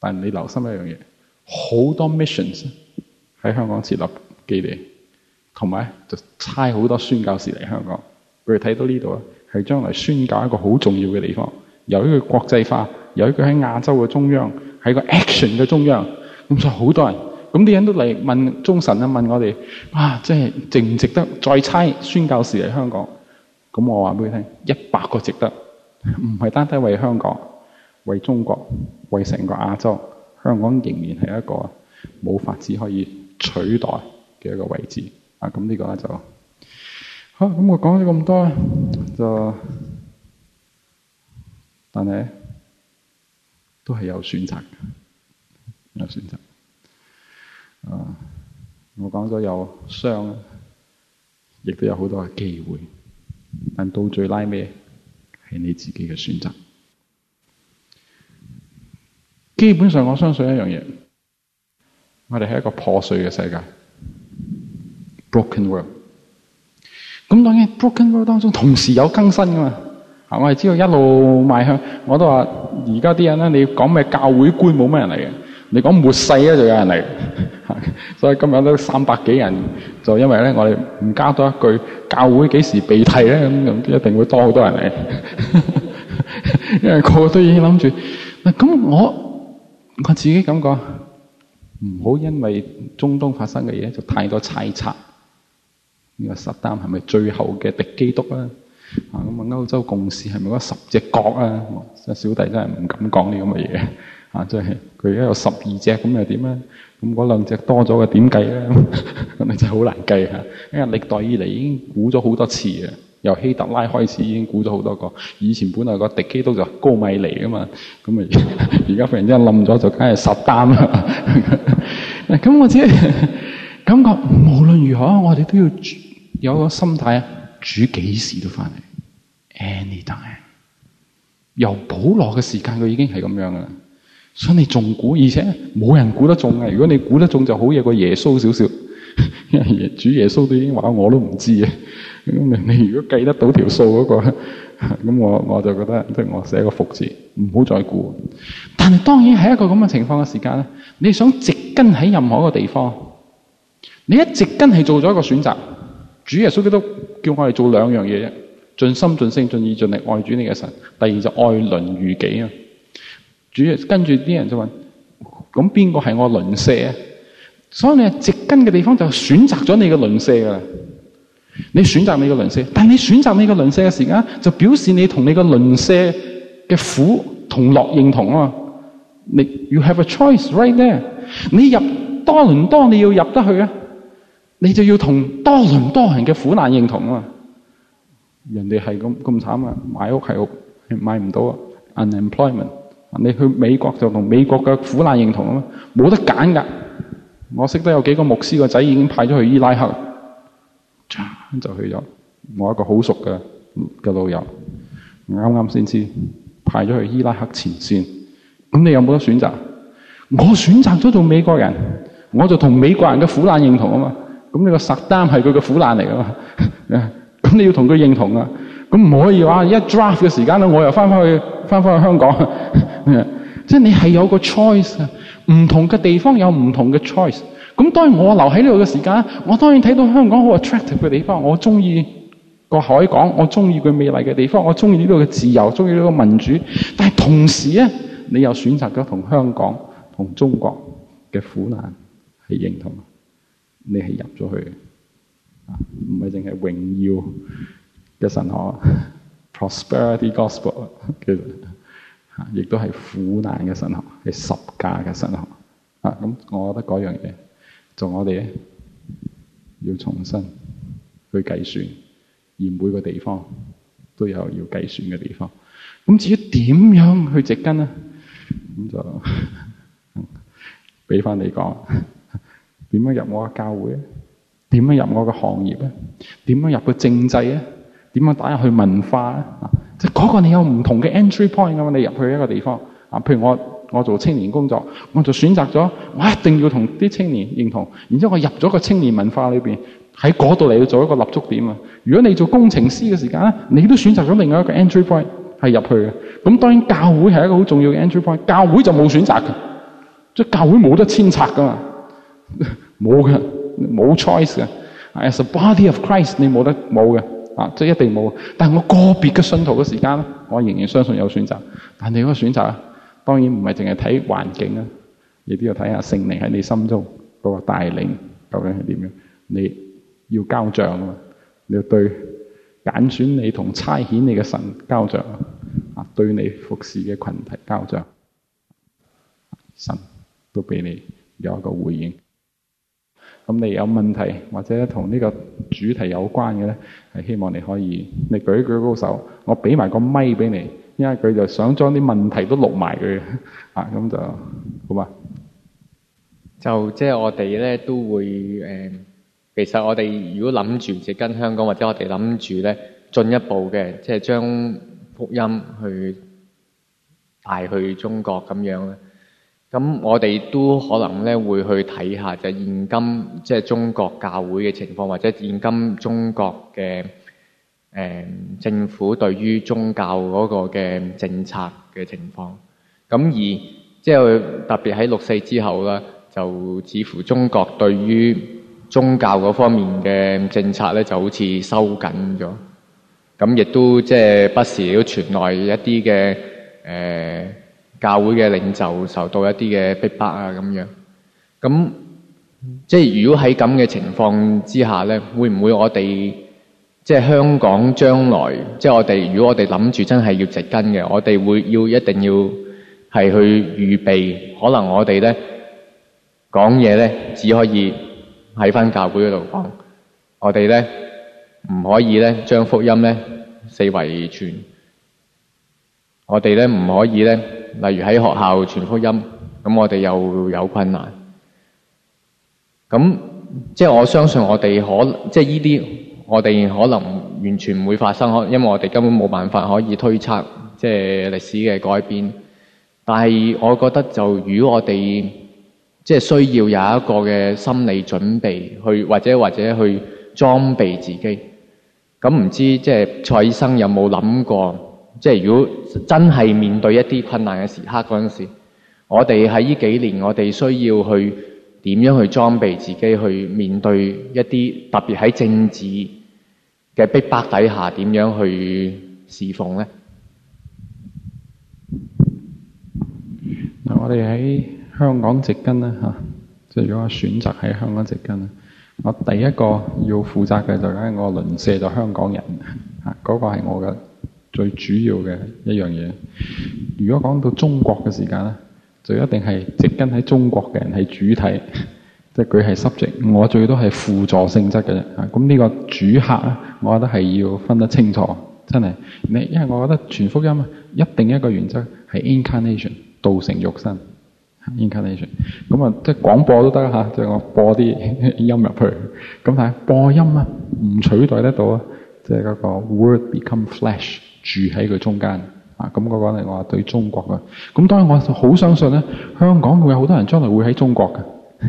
但係你留心一樣嘢，好多 missions 喺香港設立基地。同埋就差好多宣教士嚟香港，譬如睇到呢度啊，係將來宣教一個好重要嘅地方。由於佢國際化，由於佢喺亞洲嘅中央，係一個 action 嘅中央，咁所以好多人咁啲人都嚟問中神啊，問我哋：哇，即係值唔值得再差宣教士嚟香港？咁我話俾佢聽，一百個值得，唔係單單為香港，為中國，為成個亞洲。香港仍然係一個冇法子可以取代嘅一個位置。啊，咁呢個就好，咁、啊、我講咗咁多，就但係都係有選擇，有選擇。啊，我講咗有傷，亦都有好多嘅機會，但到最拉尾，係你自己嘅選擇。基本上，我相信一樣嘢，我哋係一個破碎嘅世界。broken world，咁當然 broken world 當中同時有更新噶嘛，我哋知道一路邁向，我都話而家啲人咧，你講咩教會觀冇乜人嚟嘅，你講末世咧就有人嚟， 所以今日都三百幾人，就因為咧我哋唔加多一句教會幾時被提咧，咁一定會多好多人嚟， 因為個個都已經諗住，嗱咁我我自己咁講，唔好因為中東發生嘅嘢就太多猜測。呢個十單係咪最後嘅敵基督啊？啊咁啊，歐洲共市係咪嗰十隻角啊、哦？小弟真係唔敢講呢咁嘅嘢啊！真係佢而家有十二隻咁又點啊？咁嗰兩隻多咗嘅點計咧？咁咪真係好難計嚇，因為歷代以嚟已經估咗好多次啊！由希特拉開始已經估咗好多個。以前本來個敵基督就高米尼啊嘛，咁啊而家忽然之間冧咗就梗係十單啦。咁我只感覺無論如何，我哋都要。有一個心態，主幾時都翻嚟，anytime。Any time. 由保羅嘅時間佢已經係咁樣啦，所以你仲估，而且冇人估得中呀。如果你估得中就好嘢個耶穌少少，主耶穌都已經話我都唔知呀。咁你如果計得到條數嗰、那個，咁我我就覺得即係我寫個服字，唔好再估。但係當然係一個咁嘅情況嘅時間咧，你想植根喺任何一個地方，你一植根係做咗一個選擇。主耶穌基督叫我哋做兩樣嘢啫，盡心盡性盡意盡力愛主你嘅神。第二就愛鄰如己啊！主啊，跟住啲人就問：咁邊個係我鄰舍啊？所以你係植根嘅地方就選擇咗你嘅鄰舍噶啦。你選擇你嘅鄰舍，但係你選擇你嘅鄰舍嘅時間，就表示你同你嘅鄰舍嘅苦同樂認同啊嘛。你 you have a choice right there 你入多倫多，你要入得去啊？你就要同多倫多人嘅苦難認同啊嘛。人哋係咁咁慘啊，買屋係屋，買唔到啊。Unemployment，你去美國就同美國嘅苦難認同啊嘛。冇得揀噶。我識得有幾個牧師個仔已經派咗去伊拉克，就去咗。我一個好熟嘅、嘅老友，啱啱先知派咗去伊拉克前線。咁你有冇得選擇？我選擇咗做美國人，我就同美國人嘅苦難認同啊嘛。咁呢個實擔係佢嘅苦難嚟噶嘛？咁 你要同佢認同啊？咁唔可以話一 draft 嘅時間咧，我又翻返去翻返去香港。即 係 你係有個 choice 啊，唔同嘅地方有唔同嘅 choice。咁當然我留喺呢度嘅時間，我當然睇到香港好 attractive 嘅地方，我中意個海港，我中意佢美麗嘅地方，我中意呢度嘅自由，中意呢個民主。但係同時咧，你又選擇咗同香港同中國嘅苦難係認同。你係入咗去了，唔係淨係榮耀嘅神學 ，prosperity gospel 其實，亦都係苦難嘅神學，係十架嘅神學。啊，咁我覺得嗰樣嘢，就我哋咧要重新去計算，而每個地方都有要計算嘅地方。咁至於點樣去植根呢？咁就俾翻你講。點樣入我嘅教會咧？點樣入我嘅行業咧？點樣入去政制咧？點樣打入去文化咧？啊，即係嗰個你有唔同嘅 entry point 噶嘛。你入去一個地方啊，譬如我我做青年工作，我就選擇咗我一定要同啲青年認同，然之後我入咗個青年文化裏邊，喺嗰度嚟，要做一個立足點啊！如果你做工程師嘅時間咧，你都選擇咗另外一個 entry point 係入去嘅。咁當然教會係一個好重要嘅 entry point，教會就冇選擇嘅，即係教會冇得遷拆噶嘛。冇嘅，冇 choice 嘅。As a Body of Christ，你冇得冇嘅，啊，即係一定冇。但係我個別嘅信徒嘅時間，我仍然相信有選擇。但係你個選擇，當然唔係淨係睇環境啊，你都要睇下聖靈喺你心中個帶領究竟係點樣。你要交賬啊嘛，你要對揀選你同差遣你嘅神交賬啊，對你服侍嘅群體交賬，神都俾你有一個回應。咁你有問題或者同呢個主題有關嘅呢，係希望你可以，你舉一舉高手，我俾埋個咪俾你，因為佢就想將啲問題都錄埋佢啊，咁就好嘛？就即係我哋呢都會誒、呃，其實我哋如果諗住直跟香港，或者我哋諗住呢進一步嘅，即係將福音去帶去中國咁樣咧。咁我哋都可能咧會去睇下就現今即係、就是、中國教會嘅情況，或者現今中國嘅誒、呃、政府對於宗教嗰個嘅政策嘅情況。咁而即係特別喺六四之後啦，就似乎中國對於宗教嗰方面嘅政策咧就好似收緊咗。咁亦都即係不時都傳來一啲嘅誒。呃教會嘅領袖受到一啲嘅逼迫啊，咁樣，咁即係如果喺咁嘅情況之下呢，會唔會我哋即係香港將來，即係我哋如果我哋諗住真係要植根嘅，我哋會要一定要係去預備，可能我哋呢講嘢呢，只可以喺翻教會嗰度講，我哋呢唔可以呢將福音呢四圍傳，我哋呢唔可以呢。例如喺學校傳福音，咁我哋又有困難。咁即係我相信我哋可，即係呢啲我哋可能完全唔會發生，可因為我哋根本冇辦法可以推測即係歷史嘅改變。但係我覺得就如果我哋即係需要有一個嘅心理準備去，或者或者去裝備自己，咁唔知道即係蔡醫生有冇諗過？即係如果真係面對一啲困難嘅時刻嗰陣時，我哋喺呢幾年，我哋需要去點樣去裝備自己，去面對一啲特別喺政治嘅逼迫，迫底下，點樣去侍奉咧？嗱，我哋喺香港植根啦嚇，即係如果我選擇喺香港植根，我第一個要負責嘅就係我鄰舍就係、香港人嚇，嗰、嗰個係我嘅。最主要嘅一樣嘢，如果講到中國嘅時間咧，就一定係植根喺中國嘅人係主體，即係佢係 subject 我最多係輔助性質嘅啫。嚇，咁呢個主客我覺得係要分得清楚，真係。你因為我覺得全福音啊，一定一個原則係 incarnation 道成肉身，incarnation 咁啊，即係廣播都得嚇，即係我播啲音入去，咁但係播音啊，唔取代得到啊，即係嗰個 word become flesh。住喺佢中間啊！咁、那、嗰個咧，我話對中國嘅。咁當然我好相信咧，香港會有好多人將來會喺中國嘅。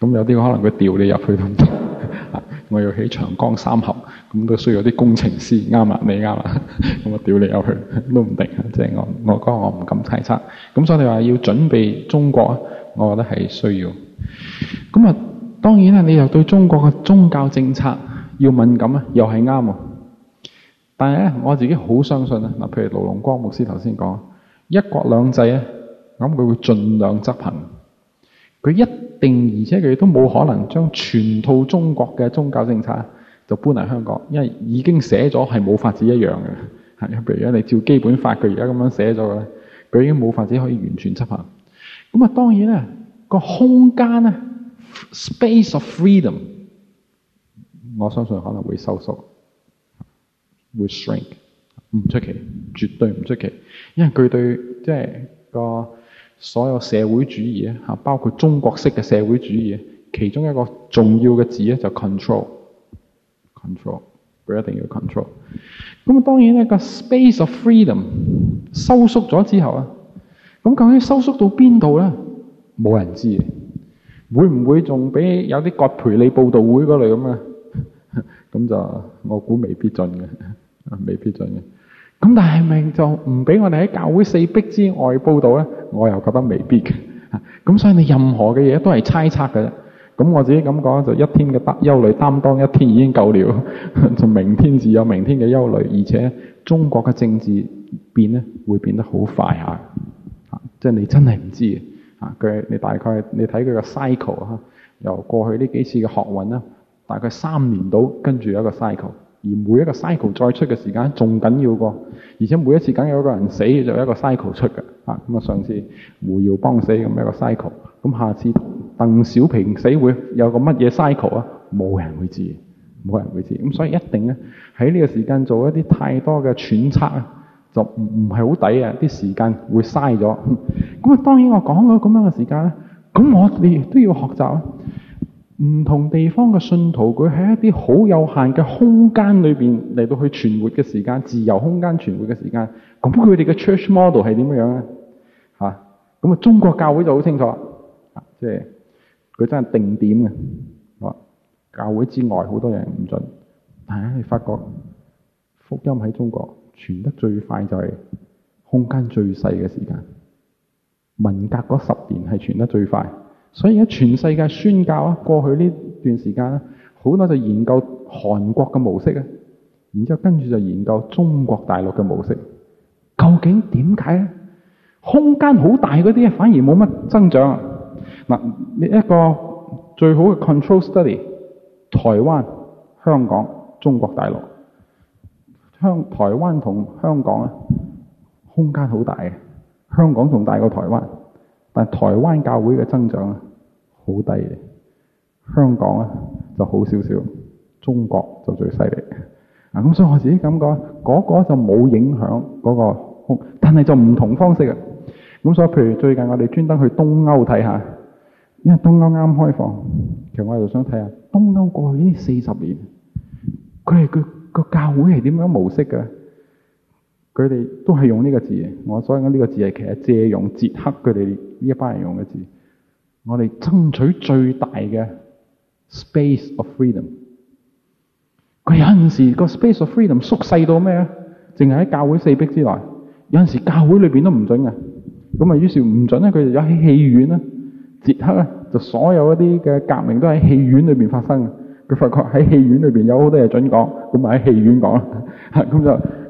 咁有啲可能佢調你入去都唔定啊！我要起長江三峽，咁都需要啲工程師。啱啊，你啱啊，咁我調你入去都唔定啊！即、就、係、是、我我、嗰個、我唔敢猜測。咁所以你話要準備中國啊，我覺得係需要。咁啊，當然咧，你又對中國嘅宗教政策要敏感啊，又係啱啊。但係咧，我自己好相信啊！嗱，譬如盧龍光牧師頭先講一國兩制啊，咁佢會盡量執行。佢一定，而且佢亦都冇可能將全套中國嘅宗教政策就搬嚟香港，因為已經寫咗係冇法子一樣嘅。係，譬如咧，你照基本法佢而家咁樣寫咗嘅，佢已經冇法子可以完全執行。咁啊，當然咧，個空間咧，space of freedom，我相信可能會收縮。會 shrink，唔出奇，絕對唔出奇，因為佢對即係個所有社會主義咧嚇、啊，包括中國式嘅社會主義，其中一個重要嘅字咧就係、control control，佢一定要 control。咁啊，當然呢個 space of freedom 收縮咗之後啊，咁究竟收縮到邊度咧？冇人知嘅，會唔會仲俾有啲割培你報道會嗰類咁啊？咁就我估未必盡嘅。未必准嘅。咁但係命就唔俾我哋喺教會四壁之外報導咧，我又覺得未必嘅。咁所以你任何嘅嘢都係猜測嘅。咁我自己咁講就一天嘅憂慮擔當一天已經夠了，就明天自有明天嘅憂慮。而且中國嘅政治變咧會變得好快下，啊，即係你真係唔知啊，佢你大概你睇佢嘅 cycle 啊，由過去呢幾次嘅學運啦，大概三年到跟住有一個 cycle。而每一個 cycle 再出嘅時間仲緊要過，而且每一次梗有個人死就有一個 cycle 出嘅，啊咁啊上次胡耀邦死咁一個 cycle，咁下次鄧小平死會有個乜嘢 cycle 啊？冇人會知，冇人會知，咁所以一定咧喺呢個時間做一啲太多嘅揣測，就唔唔係好抵啊！啲時間會嘥咗。咁啊當然我講咗咁樣嘅時間咧，咁我哋都要學習啊。唔同地方嘅信徒，佢喺一啲好有限嘅空間裏邊嚟到去存活嘅時間，自由空間存活嘅時間，咁佢哋嘅 church model 係點樣咧？吓、啊，咁啊中國教會就好清楚，即係佢真係定點嘅，教會之外好多人唔准，但係你發覺福音喺中國傳得最快就係空間最細嘅時間，文革嗰十年係傳得最快。所以而家全世界宣教啊，過去呢段時間咧，好多就研究韓國嘅模式啊，然之後跟住就研究中國大陸嘅模式，究竟點解咧？空間好大嗰啲反而冇乜增長啊，嗱，一個最好嘅 control study，台灣、香港、中國大陸、香台灣同香港啊，空間好大嘅，香港仲大過台灣。但台灣教會嘅增長啊，好低嘅。香港啊，就好少少。中國就最犀利嘅。咁所以我自己感覺嗰個就冇影響嗰個，但係就唔同方式嘅。咁所以譬如最近我哋專登去東歐睇下，因為東歐啱開放，其實我就想睇下東歐過去呢四十年，佢哋個個教會係點樣模式嘅？佢哋都係用呢個字嘅，我所以講呢個字係其實借用捷克佢哋呢一班人用嘅字。我哋爭取最大嘅 space of freedom。佢有陣時個 space of freedom 縮細到咩咧？淨係喺教會四壁之內。有陣時教會裏邊都唔準嘅，咁啊於是唔準咧，佢就有喺戲院啦。捷克咧就所有一啲嘅革命都喺戲院裏邊發生。佢發覺喺戲院裏邊有好多嘢準講，咁咪喺戲院講啦，咁就。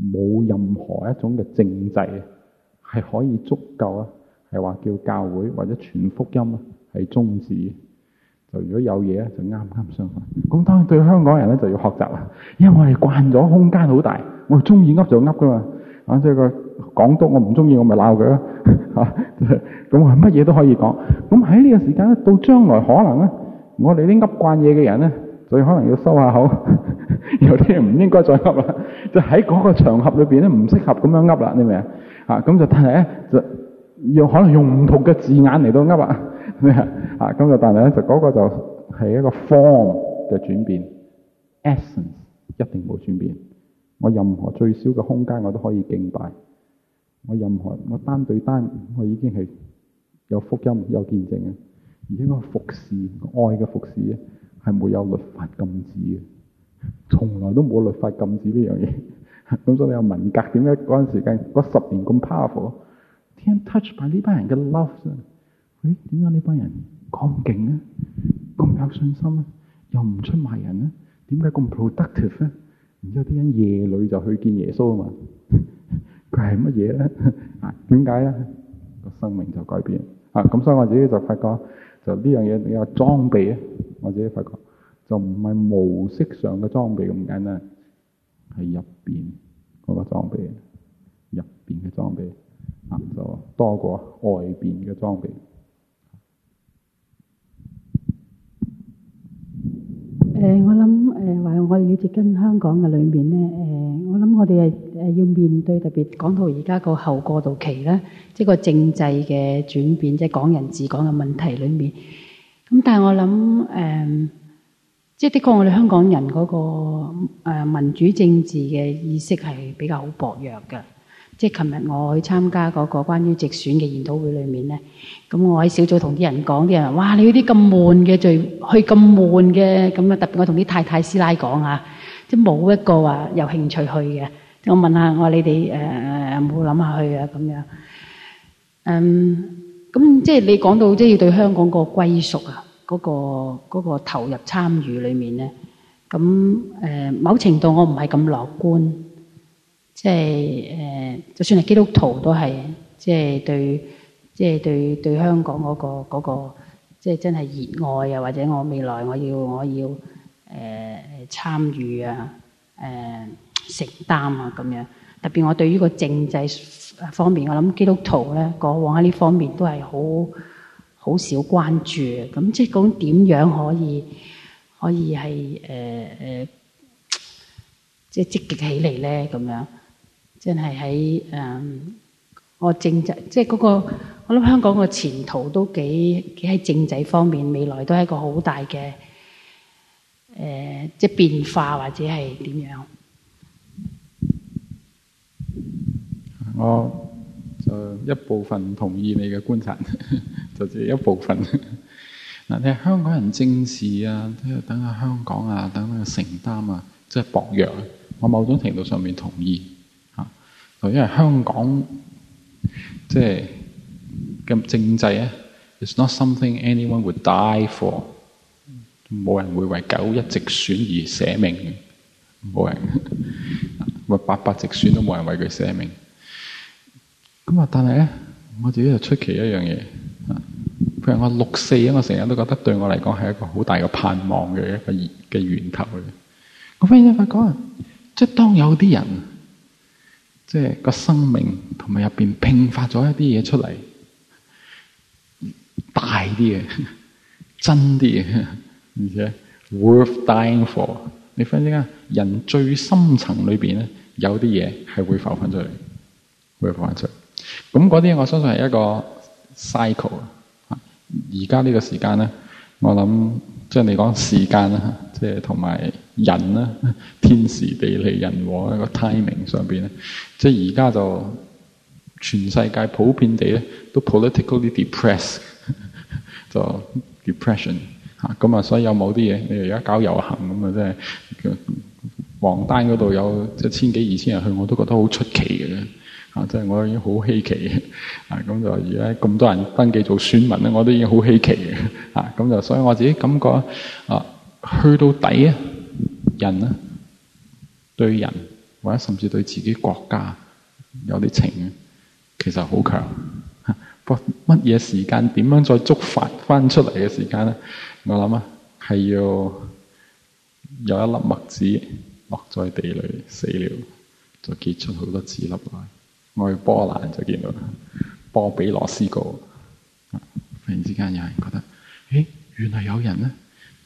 冇任何一種嘅政制係可以足夠啊，係話叫教會或者傳福音啊，係終止。就如果有嘢咧，就啱啱相反。咁當然對香港人咧，就要學習啦，因為我哋慣咗空間好大，我中意噏就噏㗎嘛，啊即係個港督我唔中意，我咪鬧佢咯嚇。咁我乜嘢都可以講。咁喺呢個時間咧，到將來可能咧，我哋啲噏慣嘢嘅人咧，所以可能要收下口，有啲唔應該再噏啦。就喺嗰個場合裏面，咧，唔適合咁樣噏啦，你明唔明啊？咁就但係咧，用可能用唔同嘅字眼嚟到噏啊，啊？咁就但係咧，就、那、嗰個就係一個 form 嘅轉變，essence 一定冇轉變。我任何最少嘅空間，我都可以敬拜。我任何我單對單，我已經係有福音、有見證啊！而且嗰個服侍，愛嘅服侍。啊！係冇有律法禁止嘅，從來都冇律法禁止呢樣嘢。咁所以有文革，點解嗰陣時嗰十年咁 powerful？被 touch by 呢班人嘅 love 啊！誒，點解呢班人講咁勁咧？咁有信心咧？又唔出賣人咧？點解咁 productive 咧？然之後啲人夜裏就去見耶穌啊嘛！佢係乜嘢咧？點解咧？個生命就改變啊！咁所以我自己就發覺。就呢樣嘢，你話裝備咧，我自己發覺就唔係模式上嘅裝備咁簡單，係入邊嗰個裝備，入邊嘅裝備就多過外邊嘅裝備。誒，我諗誒話，我哋要接近香港嘅裏面咧，誒，我諗我哋係。誒要面對特別講到而家個後過渡期咧，即係個政制嘅轉變，即係港人治港嘅問題裏面。咁但係我諗誒，即係的確我哋香港人嗰個誒民主政治嘅意識係比較好薄弱嘅。即係琴日我去參加嗰個關於直選嘅研討會裏面咧，咁我喺小組同啲人講，啲人話：「哇！你啲咁悶嘅聚，去咁悶嘅，咁啊特別我同啲太太師奶講啊，即係冇一個話有興趣去嘅。我問下，我話你哋誒有冇諗下去啊？咁樣，嗯，咁即係你講到即係要對香港嗰個歸屬啊，嗰個嗰個投入參與裏面咧，咁誒某程度我唔係咁樂觀，即係誒，就算係基督徒都係，即係對，即係對對香港嗰個嗰個，即係真係熱愛啊，或者我未來我要我要誒參與啊，呃承擔啊咁樣，特別我對於個政制方面，我諗基督徒咧過往喺呢方面都係好好少關注，咁即係講點樣可以可以係誒誒，即係積極起嚟，咧咁樣，即係喺誒我政制，即係嗰個我諗香港個前途都幾幾喺政制方面未來都係一個好大嘅誒即係變化或者係點樣。我就一部分同意你嘅觀察， 就只係一部分。嗱， 你香港人政治啊，即係等下香港啊，等等承擔啊，即係薄弱。我某種程度上面同意嚇、啊，因為香港即係咁政制啊 It's not something anyone would die for，冇人會為九一直選而捨命，冇人，咪、啊、八八直選都冇人為佢捨命。咁啊！但係咧，我自己就出奇一樣嘢啊。譬如我六四啊，我成日都覺得對我嚟講係一個好大嘅盼望嘅一個嘅源頭嚟嘅，我忽然間發覺啊，即係當有啲人，即係個生命同埋入邊迸發咗一啲嘢出嚟，大啲嘅，真啲嘅，而且 worth dying for。你忽然間人最深層裏邊咧，有啲嘢係會浮翻出嚟，會浮翻出嚟。咁嗰啲，我相信係一個 cycle。啊。而家呢個時間咧，我諗即係你講時間啦，即係同埋人啦，天時地利人和一個 timing 上邊咧，即係而家就全世界普遍地咧都 political depress 就 depression。嚇咁啊，所以有冇啲嘢，你哋而家搞遊行咁啊，即係黃丹嗰度有即係千幾、二千人去，我都覺得好出奇嘅。啊！即係我已經好稀奇啊，咁，就而家咁多人登記做選民咧，我都已經好稀奇啊，咁就所以我自己感覺，啊去到底啊，人咧對人或者甚至對自己國家有啲情，其實好強。不乜嘢時間點樣再觸發翻出嚟嘅時間咧？我諗啊，係要有一粒麥子落在地裏死了，就結出好多子粒我去波蘭就見到波比羅斯哥，忽然之間有人覺得，誒，原來有人咧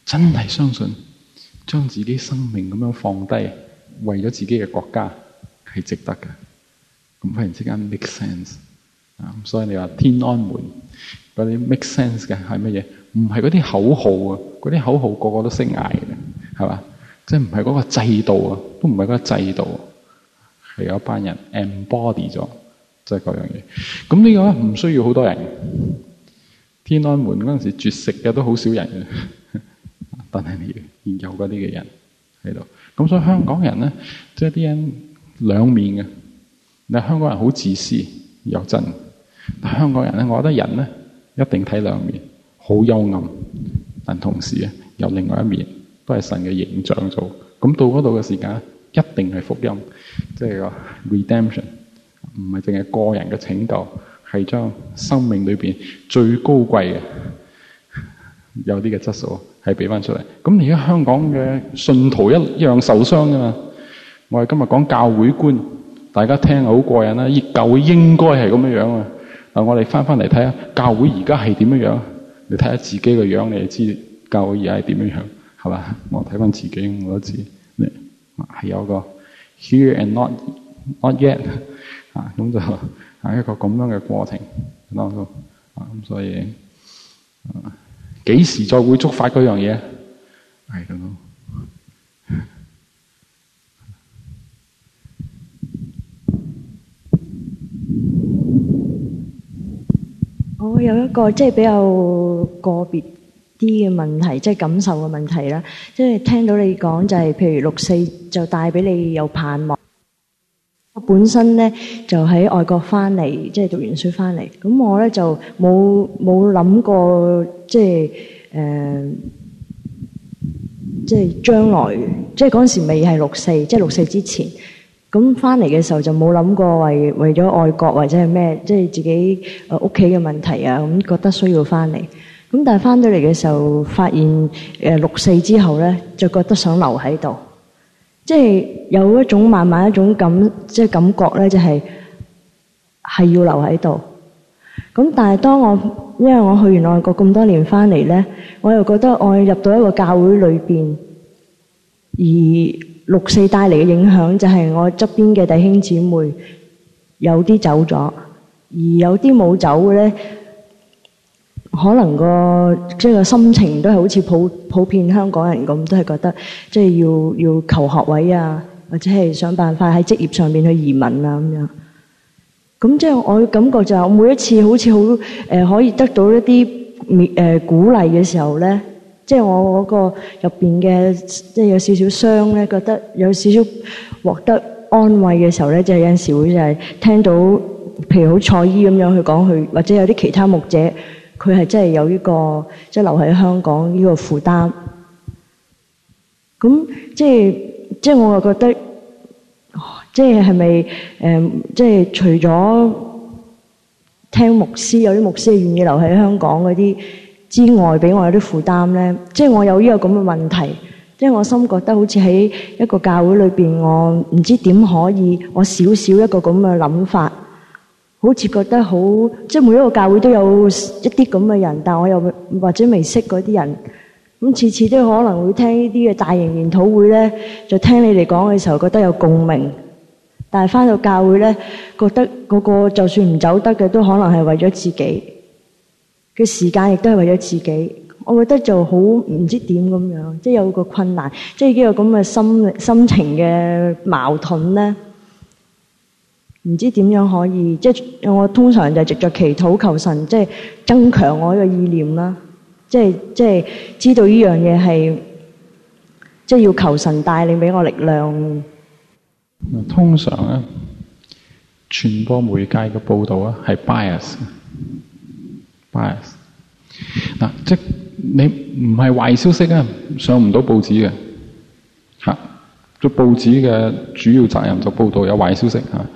真係相信將自己生命咁樣放低，為咗自己嘅國家係值得嘅，咁忽然之間 make sense 啊，所以你話天安門嗰啲 make sense 嘅係乜嘢？唔係嗰啲口號啊，嗰啲口號個個都識嗌嘅，係嘛？即係唔係嗰個制度啊，都唔係嗰個制度。也不是那係有一班人 embodied 咗，即係嗰樣嘢。咁呢個唔需要好多人。天安門嗰陣時絕食嘅都好少人嘅，但係你現有嗰啲嘅人喺度。咁所以香港人咧，即係啲人兩面嘅。你香港人好自私又真，但香港人咧，我覺得人咧一定睇兩面，好幽暗，但同時啊有另外一面都係神嘅形象做。咁到嗰度嘅時間。一定係福音，即係個 redemption，唔係淨係個人嘅拯救，係將生命裏邊最高貴嘅有啲嘅質素係俾翻出嚟。咁而家香港嘅信徒一樣受傷噶嘛？我哋今日講教會觀，大家聽好過癮啦！教會應該係咁樣樣啊。嗱，我哋翻翻嚟睇下教會而家係點樣樣，你睇下自己嘅樣，你就知教會而係點樣樣，係嘛？我睇翻自己我都知。係有個 here and not not yet，啊，咁就係一個咁樣嘅過程，嗱咁，所以幾時再會觸發嗰樣嘢？係咁咯。我有一個即係、就是、比較個別。啲嘅問題，即係感受嘅問題啦。即係聽到你講，就係譬如六四就帶俾你有盼望。我本身咧就喺外國翻嚟，即係讀完書翻嚟。咁我咧就冇冇諗過，即係誒，即係將來，即係嗰陣時未係六四，即係六四之前。咁翻嚟嘅時候就冇諗過，為為咗外國或者係咩，即係自己誒屋企嘅問題啊，咁覺得需要翻嚟。咁但係翻到嚟嘅時候，發現誒六四之後呢，就覺得想留喺度，即係有一種慢慢一種感，即係感覺呢、就係，就係係要留喺度。咁但係當我因為我去完外國咁多年翻嚟呢，我又覺得我入到一個教會裏面。而六四帶嚟嘅影響就係我側邊嘅弟兄姊妹有啲走咗，而有啲冇走嘅呢。可能個即係個心情都係好似普普遍香港人咁，都係覺得即係要要求學位啊，或者係想辦法喺職業上面去移民啊咁樣。咁即係我感覺就係、是、我每一次好似好、呃、可以得到一啲誒、呃、鼓勵嘅時候咧，即係我嗰個入邊嘅即係有少少傷咧，覺得有少少獲得安慰嘅時候咧，即係有陣時會就係聽到譬如好蔡醫咁樣去講佢，或者有啲其他牧者。佢係真係有呢、這個即係、就是、留喺香港呢個負擔，咁即係即係我又覺得，即係係咪誒？即係除咗聽牧師有啲牧師係願意留喺香港嗰啲之外，俾我有啲負擔咧。即係我有呢、這個咁嘅問題，即係我心覺得好似喺一個教會裏邊，我唔知點可以，我少少一個咁嘅諗法。好似覺得好，即係每一個教會都有一啲咁嘅人，但係我又或者未識嗰啲人，咁次次都可能會聽呢啲嘅大型研討會呢，就聽你哋講嘅時候覺得有共鳴，但係翻到教會呢，覺得嗰個就算唔走得嘅，都可能係為咗自己嘅時間，亦都係為咗自己。我覺得就好唔知點咁樣，即係有個困難，即係已經有咁嘅心心情嘅矛盾呢。唔知點樣可以，即係我通常就直著祈禱求神，即係增強我呢個意念啦。即係即係知道呢樣嘢係，即係要求神帶領俾我力量。通常咧，傳播媒介嘅報道啊，係 bias bias。嗱，即係你唔係壞消息啊，上唔到報紙嘅嚇。做報紙嘅主要責任就報道有壞消息嚇。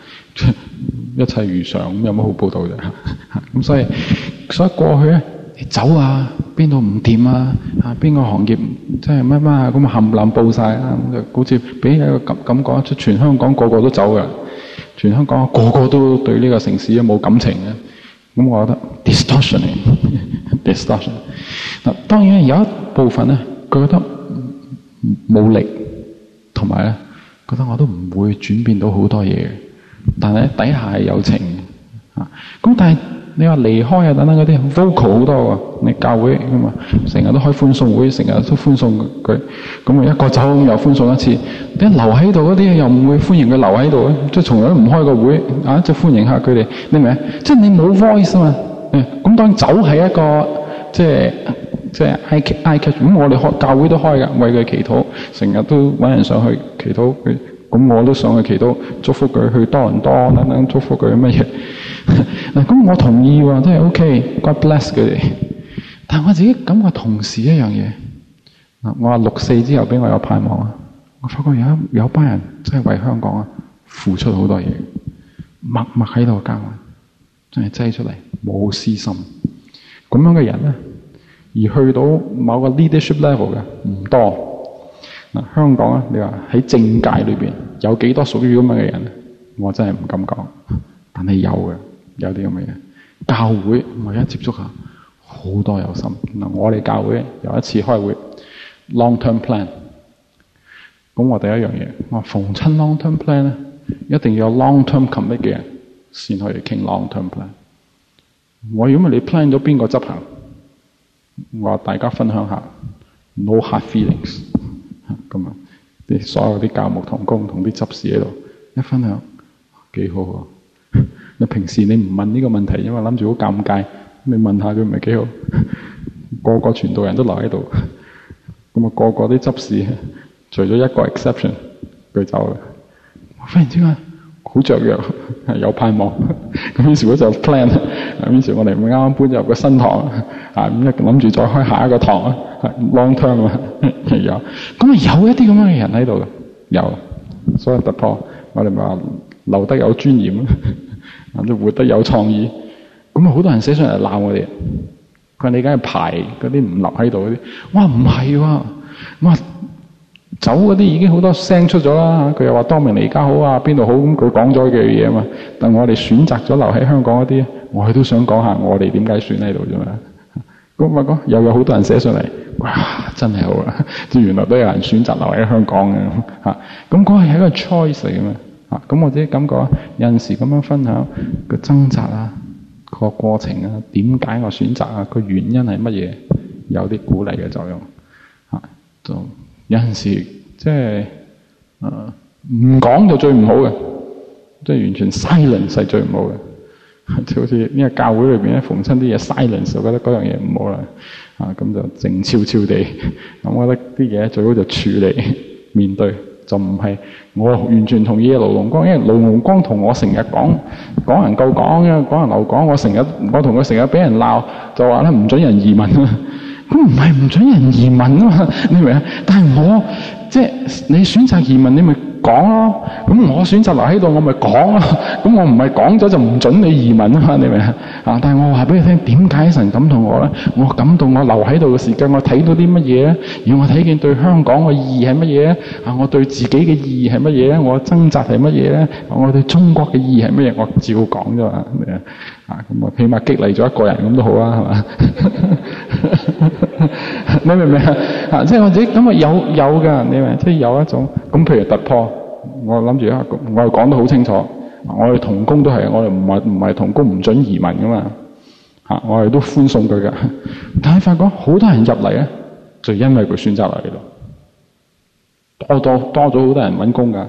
一切如常咁，有乜好報道啫？咁 所以，所以過去咧，你走啊，邊度唔掂啊？啊，邊個行業即係乜乜啊？咁啊，冚唪唥報曬啦。咁就好似俾你一個感覺，講出，全香港個個都走㗎，全香港個個都對呢個城市有冇感情嘅。咁我覺得 distortion distortion 嗱，當然有一部分咧，佢覺得冇、嗯、力，同埋咧，覺得我都唔會轉變到好多嘢。但係底下係有情吓，咁但係你話離開啊等等嗰啲 vocal 好多嘅、啊，你教會咁啊，成日都開歡送會，成日都歡送佢，咁啊一個走又歡送一次，你留喺度嗰啲又唔會歡迎佢留喺度，即係從來都唔開個會啊，即係歡迎下佢哋，你明唔明，即係你冇 voice 啊嘛，咁、嗯、當然走係一個即係即係哀劇，咁我哋學教會都開㗎，為佢祈禱，成日都揾人上去祈禱佢。咁我都想去祈禱祝，祝福佢去多倫多等等，祝福佢乜嘢嗱。咁 我同意喎，真係 OK，God bless 佢哋。但係我自己感覺同時一樣嘢，嗱，我話六四之後畀我有盼望啊。我發覺有有班人真係為香港啊付出好多嘢，默默喺度交，真係擠出嚟冇私心。咁樣嘅人咧，而去到某個 leadership level 嘅唔多。嗱，香港啊，你話喺政界裏面有幾多屬於咁樣嘅人呢？我真係唔敢講，但係有嘅，有啲咁嘅嘢。教會我而家接觸下，好多有心嗱。我哋教會有一次開會，long term plan。咁我第一樣嘢，我話逢親 long term plan 咧，一定要有 long term commit 嘅人先可以傾 long term plan。我，如果你 plan 咗邊個執行，我話大家分享下，no hard feelings。咁啊，啲所有啲教務同工同啲執事喺度一分享，幾好啊。你平時你唔問呢個問題，因為諗住好尷尬，你問下佢唔係幾好？個個傳道人都留喺度，咁啊個個啲執事，除咗一個 exception，佢走啦。我忽然之間，好雀躍，係有盼望。咁於是我就 plan 咁於是我哋咪啱啱搬入個新堂，啊咁一諗住再開下一個堂啊，long term 啊，係咁啊有一啲咁樣嘅人喺度，有所以突破。我哋咪話留得有尊嚴咯，都活得有創意。咁啊好多人寫信嚟鬧我哋，佢話你梗係排嗰啲唔立喺度嗰啲。我話唔係喎，走嗰啲已經多聲 ny，好多聲出咗啦，佢又話當明而家好啊，邊度好咁，佢講咗一句嘢嘛。但我哋選擇咗留喺香港嗰啲，我哋都想講下我哋點解選喺度啫嘛。咁咪講又有好多人寫上嚟，哇，真係好啊！原來都有人選擇留喺香港嘅嚇。咁嗰係一個 choice 啊嘛。咁我自己感覺有陣時咁樣分享個掙扎啊個過程啊，點解我選擇啊個原因係乜嘢，有啲鼓勵嘅作用有陣時即係啊，唔講就最唔好嘅，即係完全 silence 係最唔好嘅。就好似呢個教會裏邊咧，逢親啲嘢 silence，就覺得嗰樣嘢唔好啦。啊，咁就靜悄悄地，咁、啊、我覺得啲嘢最好就處理面對，就唔係我完全同意盧龍光，因為盧龍光同我成日講講人夠講嘅，講人流講，我成日我同佢成日俾人鬧，就話咧唔准人移民啊。咁唔係唔准人移民啊嘛？你明唔明啊？但係我即係你選擇移民，你咪講咯。咁我選擇留喺度，我咪講咯。咁我唔係講咗就唔准你移民啊嘛？你明唔明啊？但係我話俾你聽，點解神感動我咧？我感動我留喺度嘅時間，我睇到啲乜嘢？而我睇見對香港嘅意義係乜嘢？啊！我對自己嘅意義係乜嘢咧？我掙扎係乜嘢咧？我對中國嘅意義係乜嘢？我照講啫嘛，啊？啊！咁我起碼激勵咗一個人咁都好啊，係嘛？ 你明唔明啊！ 即係我自己咁啊，有有噶，你明？即係有一種咁，譬如突破，我諗住啊，我哋講得好清楚，我哋同工都係，我哋唔係唔係同工，唔准移民噶嘛。吓，我哋都歡送佢噶，但係發覺好多人入嚟咧，就因為佢選擇嚟到，多多多咗好多人揾工噶。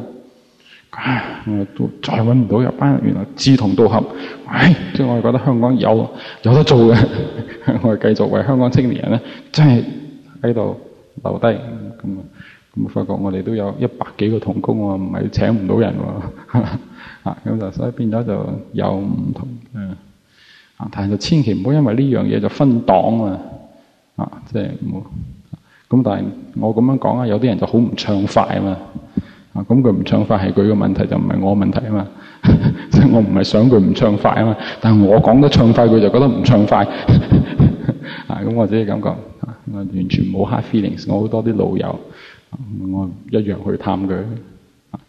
唉，我都再揾唔到入班，原來志同道合，唉，即係我覺得香港有有得做嘅，我哋繼續為香港青年人咧，真係喺度留低咁，咁發覺我哋都有一百幾個同工喎，唔係請唔到人喎，啊咁就所以變咗就有唔同，啊，就是、但係就千祈唔好因為呢樣嘢就分黨啊，啊，即係咁但係我咁樣講啊，有啲人就好唔暢快啊嘛。咁佢唔暢快係佢嘅問題，就唔係我問題啊嘛。即 係我唔係想佢唔暢快啊嘛，但係我講得暢快，佢就覺得唔暢快。 啊，咁我自己感覺，我完全冇 hard feelings 我、啊。我好多啲老友，我一樣去探佢、啊呃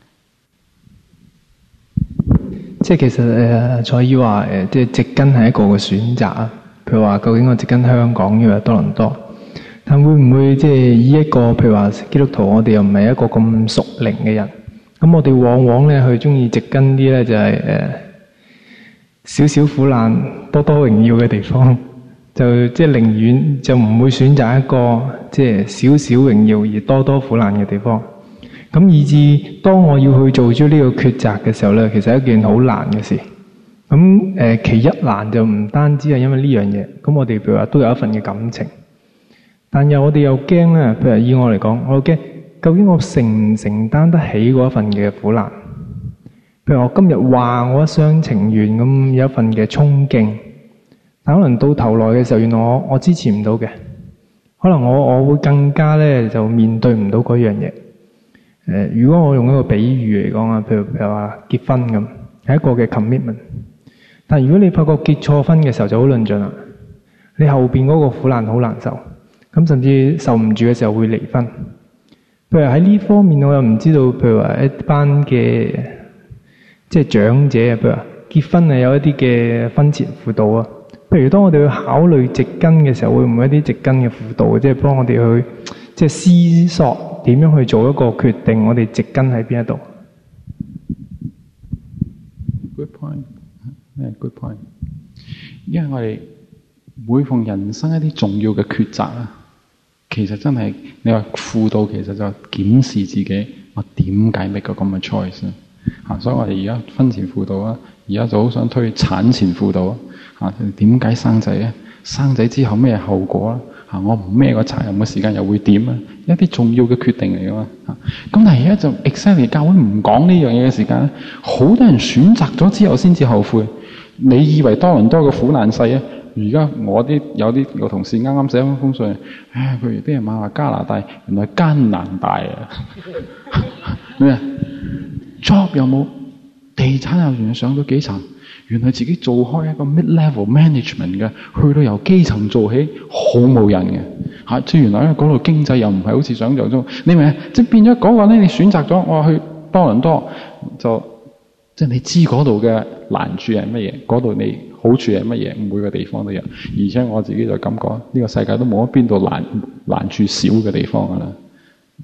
呃。即係其實所以話即係植根係一個嘅選擇啊。譬如話，究竟我植根香港定係多倫多？但會唔會即係以一個譬如話基督徒，我哋又唔係一個咁熟靈嘅人，咁我哋往往咧，佢中意植根啲咧，就係誒少少苦難，多多榮耀嘅地方，就即係寧願就唔會選擇一個即係少少榮耀而多多苦難嘅地方。咁以至當我要去做出呢個抉擇嘅時候咧，其實係一件好難嘅事。咁誒、呃，其一難就唔單止係因為呢樣嘢，咁我哋譬如話都有一份嘅感情。但又我哋又驚咧，譬如以我嚟講，我驚究竟我成承唔承擔得起嗰一份嘅苦難？譬如我今日話我一廂情願咁有一份嘅憧憬，但可能到頭來嘅時候，原來我我支持唔到嘅，可能我我會更加咧就面對唔到嗰樣嘢。呃，如果我用一個比喻嚟講啊，譬如譬如話結婚咁係一個嘅 commitment，但如果你發覺結錯婚嘅時候就好論盡啦，你後面嗰個苦難好難受。咁甚至受唔住嘅時候會離婚。譬如喺呢方面，我又唔知道。譬如話一班嘅即係長者入邊，譬如結婚係有一啲嘅婚前輔導啊。譬如當我哋去考慮植根嘅時候，會唔會有一啲植根嘅輔導，即係幫我哋去即係思索點樣去做一個決定？我哋植根喺邊一度？Good point. 咩、yeah？Good point. 因為我哋每逢人生一啲重要嘅抉擇啦。其實真係，你話輔導其實就檢視自己，我點解 make 個咁嘅 choice，所以我哋而家婚前輔導啊，而家就好想推產前輔導啊。啊，點解生仔啊？生仔之後咩後果啊？我唔孭個責任嘅時間又會點啊？一啲重要嘅決定嚟噶嘛？咁但係而家就 exactly 教會唔講呢樣嘢嘅時間咧，好多人選擇咗之後先至後悔。你以為多唔多個苦難世啊？而家我啲有啲老同事啱啱寫封封信，唉、哎，佢啲人問話加拿大原來艱難大啊，咩啊？job 有冇？地產又原上到幾層？原來自己做開一個 mid level management 嘅，去到由基層做起，好冇癮嘅即、啊、原來嗰度經濟又唔係好似想象中，你明白？即係變咗嗰個咧，你選擇咗我去多倫多，就即係、就是、你知嗰度嘅難處係乜嘢？嗰度你。好處係乜嘢？每個地方都有，而且我自己就感覺呢、這個世界都冇一邊度難難處少嘅地方噶啦，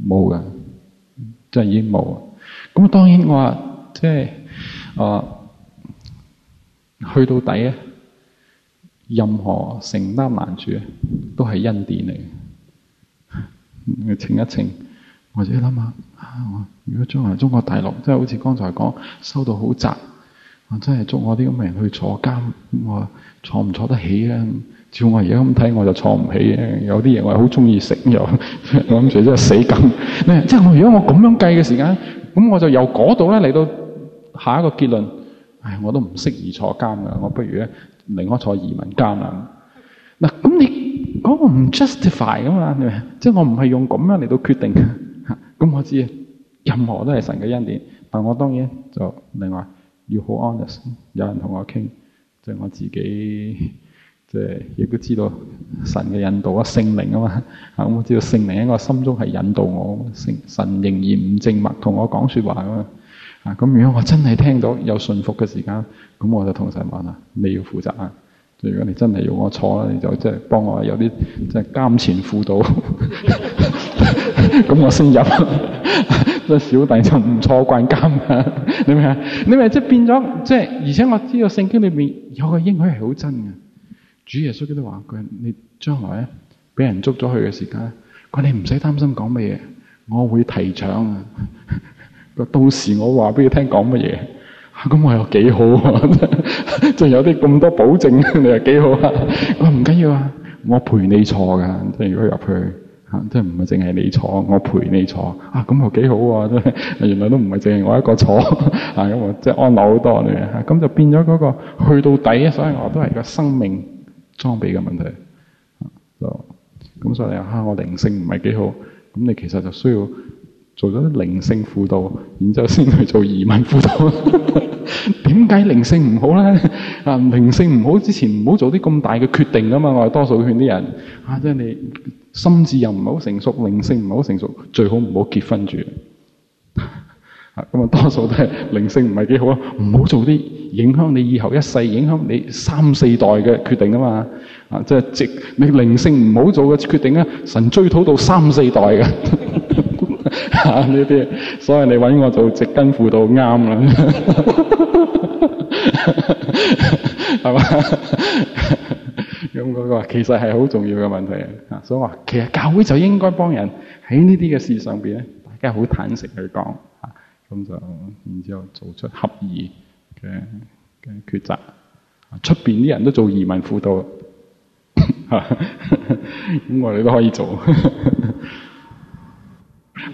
冇噶，真係已經冇。咁啊，當然我即係啊、呃，去到底啊，任何承擔難處都係恩典嚟嘅。你請一請，或者諗下啊，如果將來中國，中國大陸即係好似剛才講，收到好窄。真係捉我啲咁嘅人去坐監，咁我坐唔坐得起啊？照我而家咁睇，我就坐唔起啊！有啲嘢我係好中意食，又諗住真係死梗。即係我如果我咁樣計嘅時間，咁我就由嗰度咧嚟到下一個結論。唉，我都唔適宜坐監噶，我不如咧另外坐移民監啦。嗱， 咁你嗰個唔 justify 噶嘛？你即係我唔係用咁樣嚟到決定。咁 我知任何都係神嘅恩典，但我當然就另外。要好 honest，有人同我傾，即係我自己，即係亦都知道神嘅引導啊、聖靈啊嘛，啊我知道聖靈喺我心中係引導我，神仍然唔靜默同我講說話啊嘛，啊咁如果我真係聽到有信服嘅時間，咁我就同神話啦，你要負責啊，所以如果你真係要我坐啦，你就即係幫我有啲即係監前輔導，咁 我先入。 小弟就唔坐慣監啊！你明啊？你咪即變咗，即係而且我知道聖經裏面有個應許係好真嘅。主耶穌都話佢：你將來咧俾人捉咗去嘅時間，佢你唔使擔心講乜嘢，我會提長啊！到時我話俾你聽講乜嘢咁我又幾好啊？仲、啊、有啲咁多保證，你話幾好啊？我唔緊要啊，我陪你坐噶。如果入去。啊、即係唔係淨係你坐，我陪你坐啊！咁又幾好喎，啊，原來都唔係淨係我一個坐啊！咁，啊、我即係安樂好多嘅吓，咁，啊、就變咗嗰個去到底，所以我都係個生命裝備嘅問題。咁，啊、所以你話吓，啊、我靈性唔係幾好，咁你其實就需要做咗啲靈性輔導，然之後先去做移民輔導。點解靈性唔好咧？啊，靈性唔好，啊、好之前唔好做啲咁大嘅決定啊嘛！我係多數勸啲人即係，啊啊、你。心智又唔係好成熟，靈性唔係好成熟，最好唔好結婚住。啊，咁啊，多數都係靈性唔係幾好啊，唔好做啲影響你以後一世、影響你三四代嘅決定啊嘛。啊，即係直你靈性唔好做嘅決定啊，神追討到三四代嘅。 啊，呢啲，所以你揾我做植根輔導啱啦。係嘛？ 咁個其實係好重要嘅問題啊，所以話其實教會就應該幫人喺呢啲嘅事上邊咧，大家好坦誠去講，咁就然之後做出合意嘅嘅抉擇。出邊啲人都做移民輔導，咁我哋都可以做。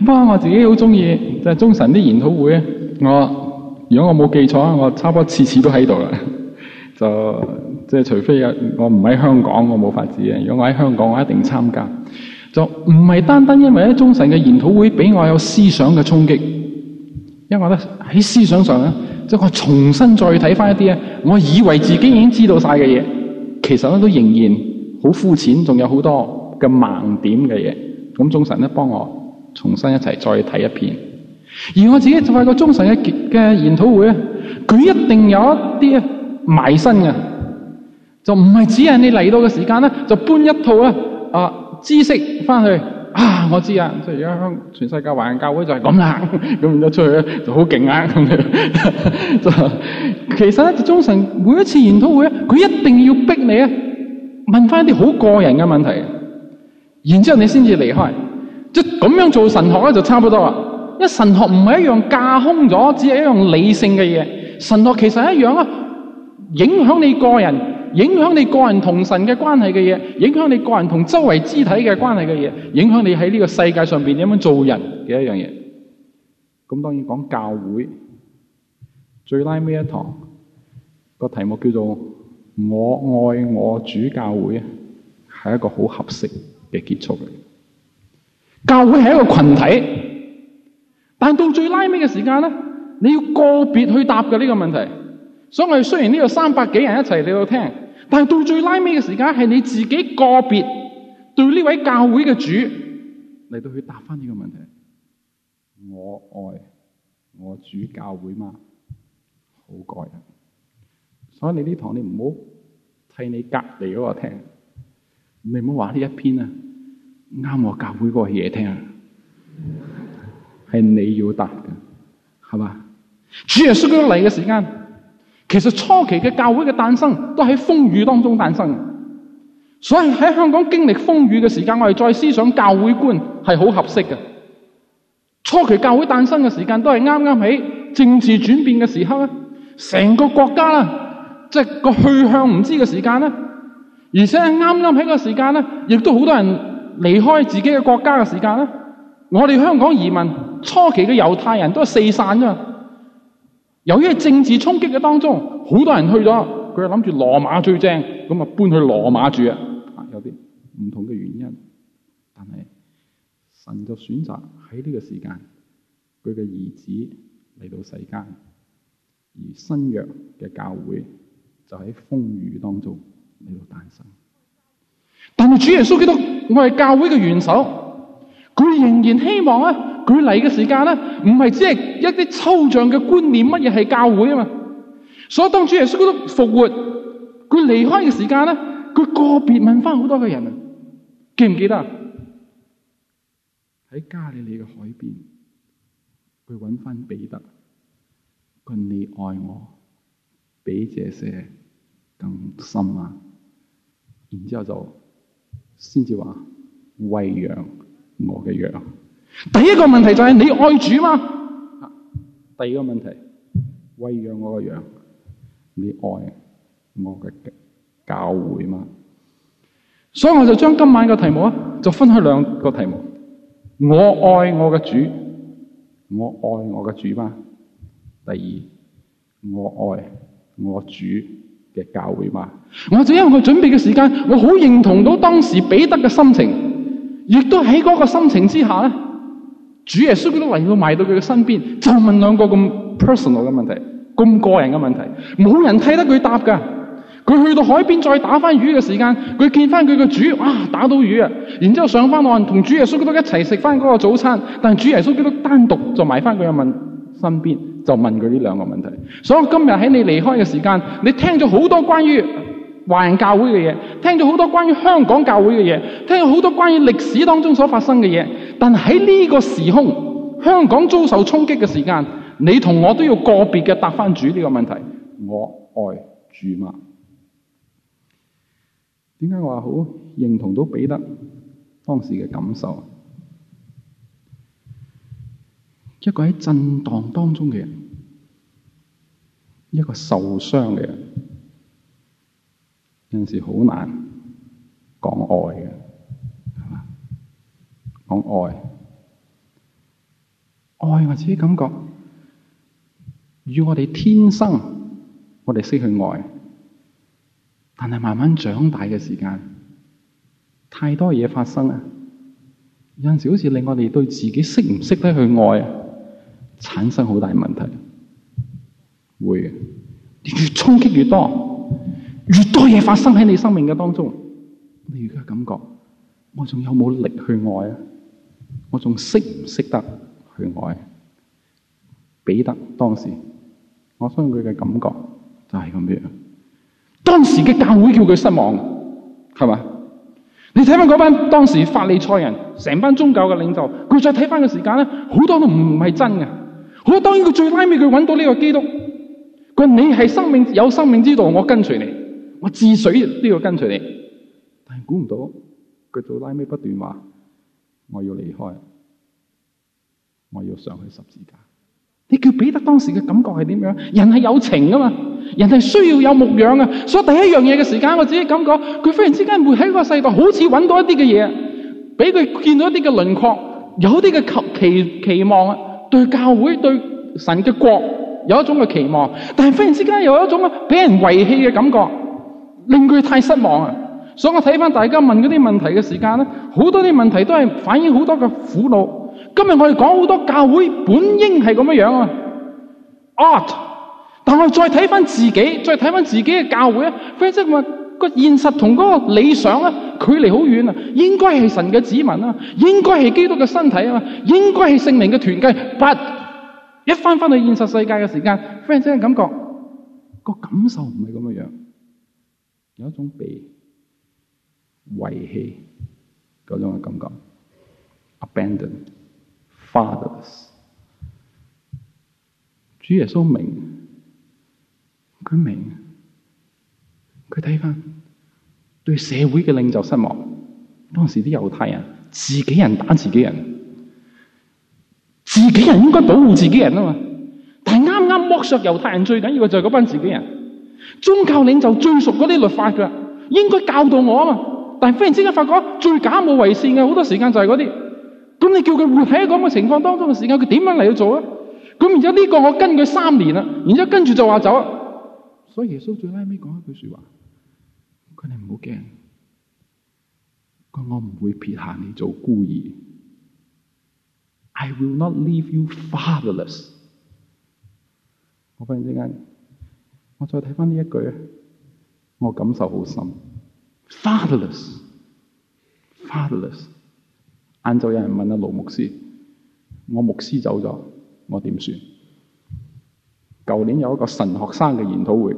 哇， 我自己好中意就中神啲研討會啊！我如果我冇記錯啊，我差唔多次次都喺度啦，就。即係除非啊，我唔喺香港，我冇法子啊。如果我喺香港，我一定參加。就唔係單單因為咧，中神嘅研討會俾我有思想嘅衝擊，因為我咧喺思想上咧，即係我重新再睇翻一啲咧，我以為自己已經知道晒嘅嘢，其實咧都仍然好膚淺，仲有好多嘅盲點嘅嘢。咁中神咧幫我重新一齊再睇一遍。而我自己做一個中神嘅嘅研討會咧，佢一定有一啲埋身嘅。就唔係只係你嚟到嘅時間呢，就搬一套啊啊、呃、知識翻去啊！我知啊，即係而家全世界華人教會就係咁啦。咁一出去咧就好勁啊！咁樣 就其實咧，中神每一次研討會咧，佢一定要逼你啊，問翻一啲好個人嘅問題，然之後你先至離開。即係咁樣做神學咧，就差唔多啊。因為神學唔係一樣架空咗，只係一樣理性嘅嘢。神學其實一樣啊，影響你個人。影響你個人同神嘅關係嘅嘢，影響你個人同周圍肢體嘅關係嘅嘢，影響你喺呢個世界上邊點樣做人嘅一樣嘢。咁當然講教會最拉尾一堂個題目叫做我愛我主教會啊，係一個好合適嘅結束嚟。教會係一個群體，但到最拉尾嘅時間咧，你要個別去答嘅呢個問題。所以我哋雖然呢度三百幾人一齊嚟到聽，但係到最拉尾嘅時間係你自己個別對呢位教會嘅主嚟到去答翻呢個問題。我愛我主教會嘛，好過癮。所以你呢堂你唔好替你隔離嗰個聽，你唔好話呢一篇啊，啱我教會嗰個嘢聽，係你要答嘅，係嘛？主耶穌嚟嘅時間。其實初期嘅教會嘅誕生都喺風雨當中誕生，所以喺香港經歷風雨嘅時間，我哋再思想教會觀係好合適嘅。初期教會誕生嘅時間都係啱啱喺政治轉變嘅時刻啊，成個國家啦，即係個去向唔知嘅時間啦，而且啱啱喺個時間咧，亦都好多人離開自己嘅國家嘅時間啦。我哋香港移民初期嘅猶太人都係四散啫嘛。由於政治衝擊嘅當中，好多人去咗，佢又諗住羅馬最正，咁啊搬去羅馬住啊，有啲唔同嘅原因，但係神就選擇喺呢個時間，佢嘅兒子嚟到世間，而新約嘅教會就喺風雨當中嚟到誕生。但係主耶穌基督，我係教會嘅元首，佢仍然希望佢嚟嘅時間咧，唔係只係一啲抽象嘅觀念，乜嘢係教會啊嘛？所以當主耶穌都復活，佢離開嘅時間咧，佢個別問翻好多嘅人啊，記唔記得？喺加利利嘅海邊，佢揾翻彼得，佢你愛我比這些更深啊！然之後就先至話喂養我嘅羊。第一個問題就係，你愛主嗎？第二個問題，餵養我嘅羊，你愛我嘅教會嗎？所以我就將今晚嘅題目啊，就分開兩個題目。我愛我嘅主，我愛我嘅主嗎？第二，我愛我主嘅教會嗎？我因為佢準備嘅時間，我好認同到當時彼得嘅心情，亦都喺嗰個心情之下咧。主耶穌基督嚟到埋到佢嘅身邊，就問兩個咁 personal 嘅問題，咁個人嘅問題，冇人睇得佢答㗎。佢去到海邊再打翻魚嘅時間，佢見翻佢嘅主，啊，打到魚啊！然之後上翻岸，同主耶穌基督一齊食翻嗰個早餐。但係主耶穌基督單獨就埋翻佢嘅問身邊，就問佢呢兩個問題。所以今日喺你離開嘅時間，你聽咗好多關於。華人教會嘅嘢，聽咗好多關於香港教會嘅嘢，聽咗好多關於歷史當中所發生嘅嘢。但喺呢個時空，香港遭受衝擊嘅時間，你同我都要個別嘅答翻主呢個問題。我愛住嘛？點解我話好認同到彼得當時嘅感受？一個喺震盪當中嘅人，一個受傷嘅人。有陣時好難講愛嘅，係嘛？講愛，愛我自己感覺，與我哋天生我哋識去愛，但係慢慢長大嘅時間，太多嘢發生啊！有陣時好似令我哋對自己識唔識得去愛，產生好大問題，會嘅，越衝擊越多。越多嘢發生喺你生命嘅當中，你而家感覺我仲有冇力去愛啊？我仲識唔識得去愛？彼得當時，我相信佢嘅感覺就係咁樣。當時嘅教會叫佢失望，係嘛？你睇翻嗰班當時法利賽人，成班宗教嘅領袖，佢再睇翻嘅時間咧，好多都唔係真嘅。好當然，佢最拉尾，佢揾到呢個基督。佢話：你係生命有生命之道，我跟隨你。我誓死都要跟隨你，但係估唔到佢到拉尾不斷話我要離開，我要上去十字架。你叫彼得當時嘅感覺係點樣？人係有情噶嘛，人係需要有牧養啊。所以第一樣嘢嘅時間，我自己感覺佢忽然之間會喺個世界好似搵到一啲嘅嘢，俾佢見到一啲嘅輪廓，有啲嘅期期期望啊，對教會、對神嘅國有一種嘅期望，但係忽然之間有一種啊俾人遺棄嘅感覺。令佢太失望啊！所以我睇翻大家問嗰啲問題嘅時間咧，好多啲問題都係反映好多嘅苦惱。今日我哋講好多教會本應係咁樣樣啊，art。但係再睇翻自己，再睇翻自己嘅教會咧，忽然之間個現實同嗰個理想啊距離好遠啊！應該係神嘅子民啊，應該係基督嘅身體啊，應該係聖靈嘅團契。but 一翻翻到現實世界嘅時間，忽然之間感覺個感受唔係咁樣樣。有一種被遺棄嗰種嘅感覺，abandoned，fatherless。主耶穌明，佢明，佢睇返對社會嘅領袖失望。當時啲猶太人自己人打自己人，自己人應該保護自己人啊嘛，但係啱啱剝削猶太人最緊要嘅就係嗰班自己人。但是剛剛宗教領袖最熟嗰啲律法噶，應該教導我啊嘛。但係忽然之間發覺最假冒偽善嘅好多時間就係嗰啲。咁你叫佢活喺咁嘅情況當中嘅時間，佢點樣嚟去做啊？咁然之後呢個我跟佢三年啦，然之後跟住就話走。所以耶穌最拉尾講一句說話，佢哋唔好驚，佢我唔會撇下你做孤兒。I will not leave you fatherless。我忽然之間。我再睇翻呢一句，我感受好深。Fatherless，Fatherless。晏晝有人問阿盧牧師：我牧師走咗，我點算？舊年有一個神學生嘅研討會，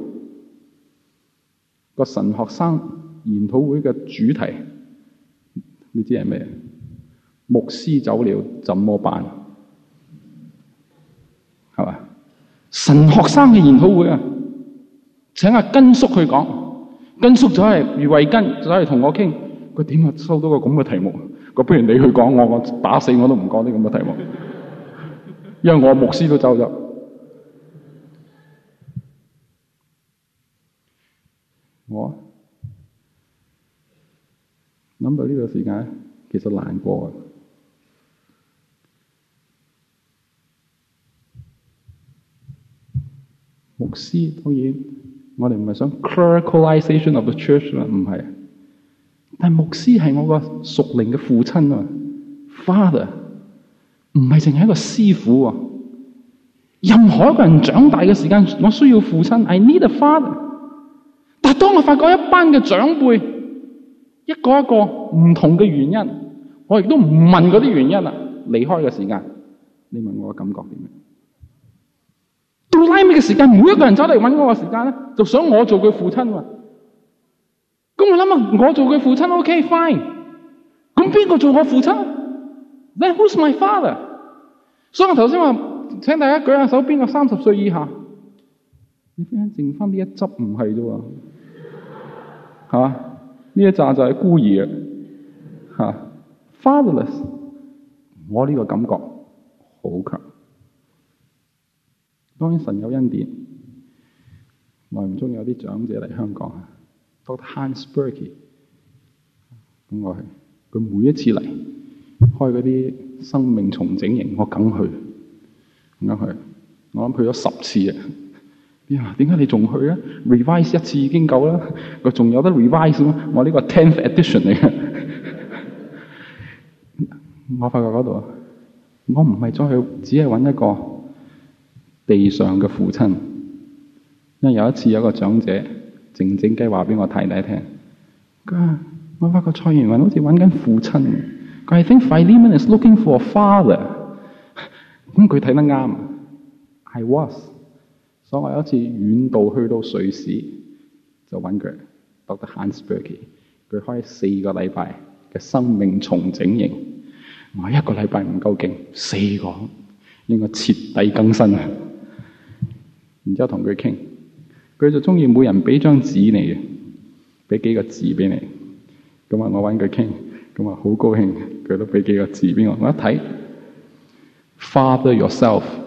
個神學生研討會嘅主題，你知係咩？牧師走了怎麼辦？係嘛？神學生嘅研討會啊！請阿根叔去講，根叔就係余慧根，就係、是、同我傾。佢點啊收到個咁嘅題目？佢，不如你去講，我我打死我都唔講啲咁嘅題目，因為我牧師都走咗。我諗到呢個時間其實難過了，牧師當然。我哋唔係想 clericalization of the church 啊，唔係。但牧師係我個屬靈嘅父親啊，father，唔係淨係一個師傅啊。任何一個人長大嘅時間，我需要父親，I need a father。但當我發覺一班嘅長輩，一個一個唔同嘅原因，我亦都唔問嗰啲原因啦。離開嘅時間，你問我嘅感覺點樣？到拉尾嘅時間，每一個人走嚟搵我嘅時間咧，就想我做佢父親喎。咁我諗啊，我做佢父親，OK，fine。咁邊個做我父親咧？Then Who's my father？所以我頭先話，請大家舉下手，邊個三十歲以下？你分享剩翻呢一執唔係啫喎？吓、啊，呢一紮就係孤兒啊！吓，fatherless。我呢個感覺好強。當然神有恩典，耐唔中有啲長者嚟香港，Dr. Hans Berkey 咁我去，佢每一次嚟開嗰啲生命重整營，我梗去，點解去？我諗去咗十次啊！點啊？點解你仲去啊？Revise 一次已經夠啦，我仲有得 revise 嗎？我呢個 Tenth Edition 嚟嘅，我發覺嗰度，我唔係再去，只係揾一個。地上嘅父親，因為有一次有一個長者靜靜雞話俾我太太聽，佢我發覺蔡元雲好似揾緊父親，佢係 think，Philemon，is，looking，for，a，father。咁佢睇得啱，I，was。所以我有一次遠道去到瑞士，就揾佢 Doctor Hans Berger 佢開四個禮拜嘅生命重整營，我一個禮拜唔夠勁，四個應該徹底更新啊！然之後同佢傾，佢就中意每人俾張紙你嘅，俾幾個字俾你。咁啊，我揾佢傾，咁啊好高興，佢都俾幾個字俾我。我一睇，Father yourself，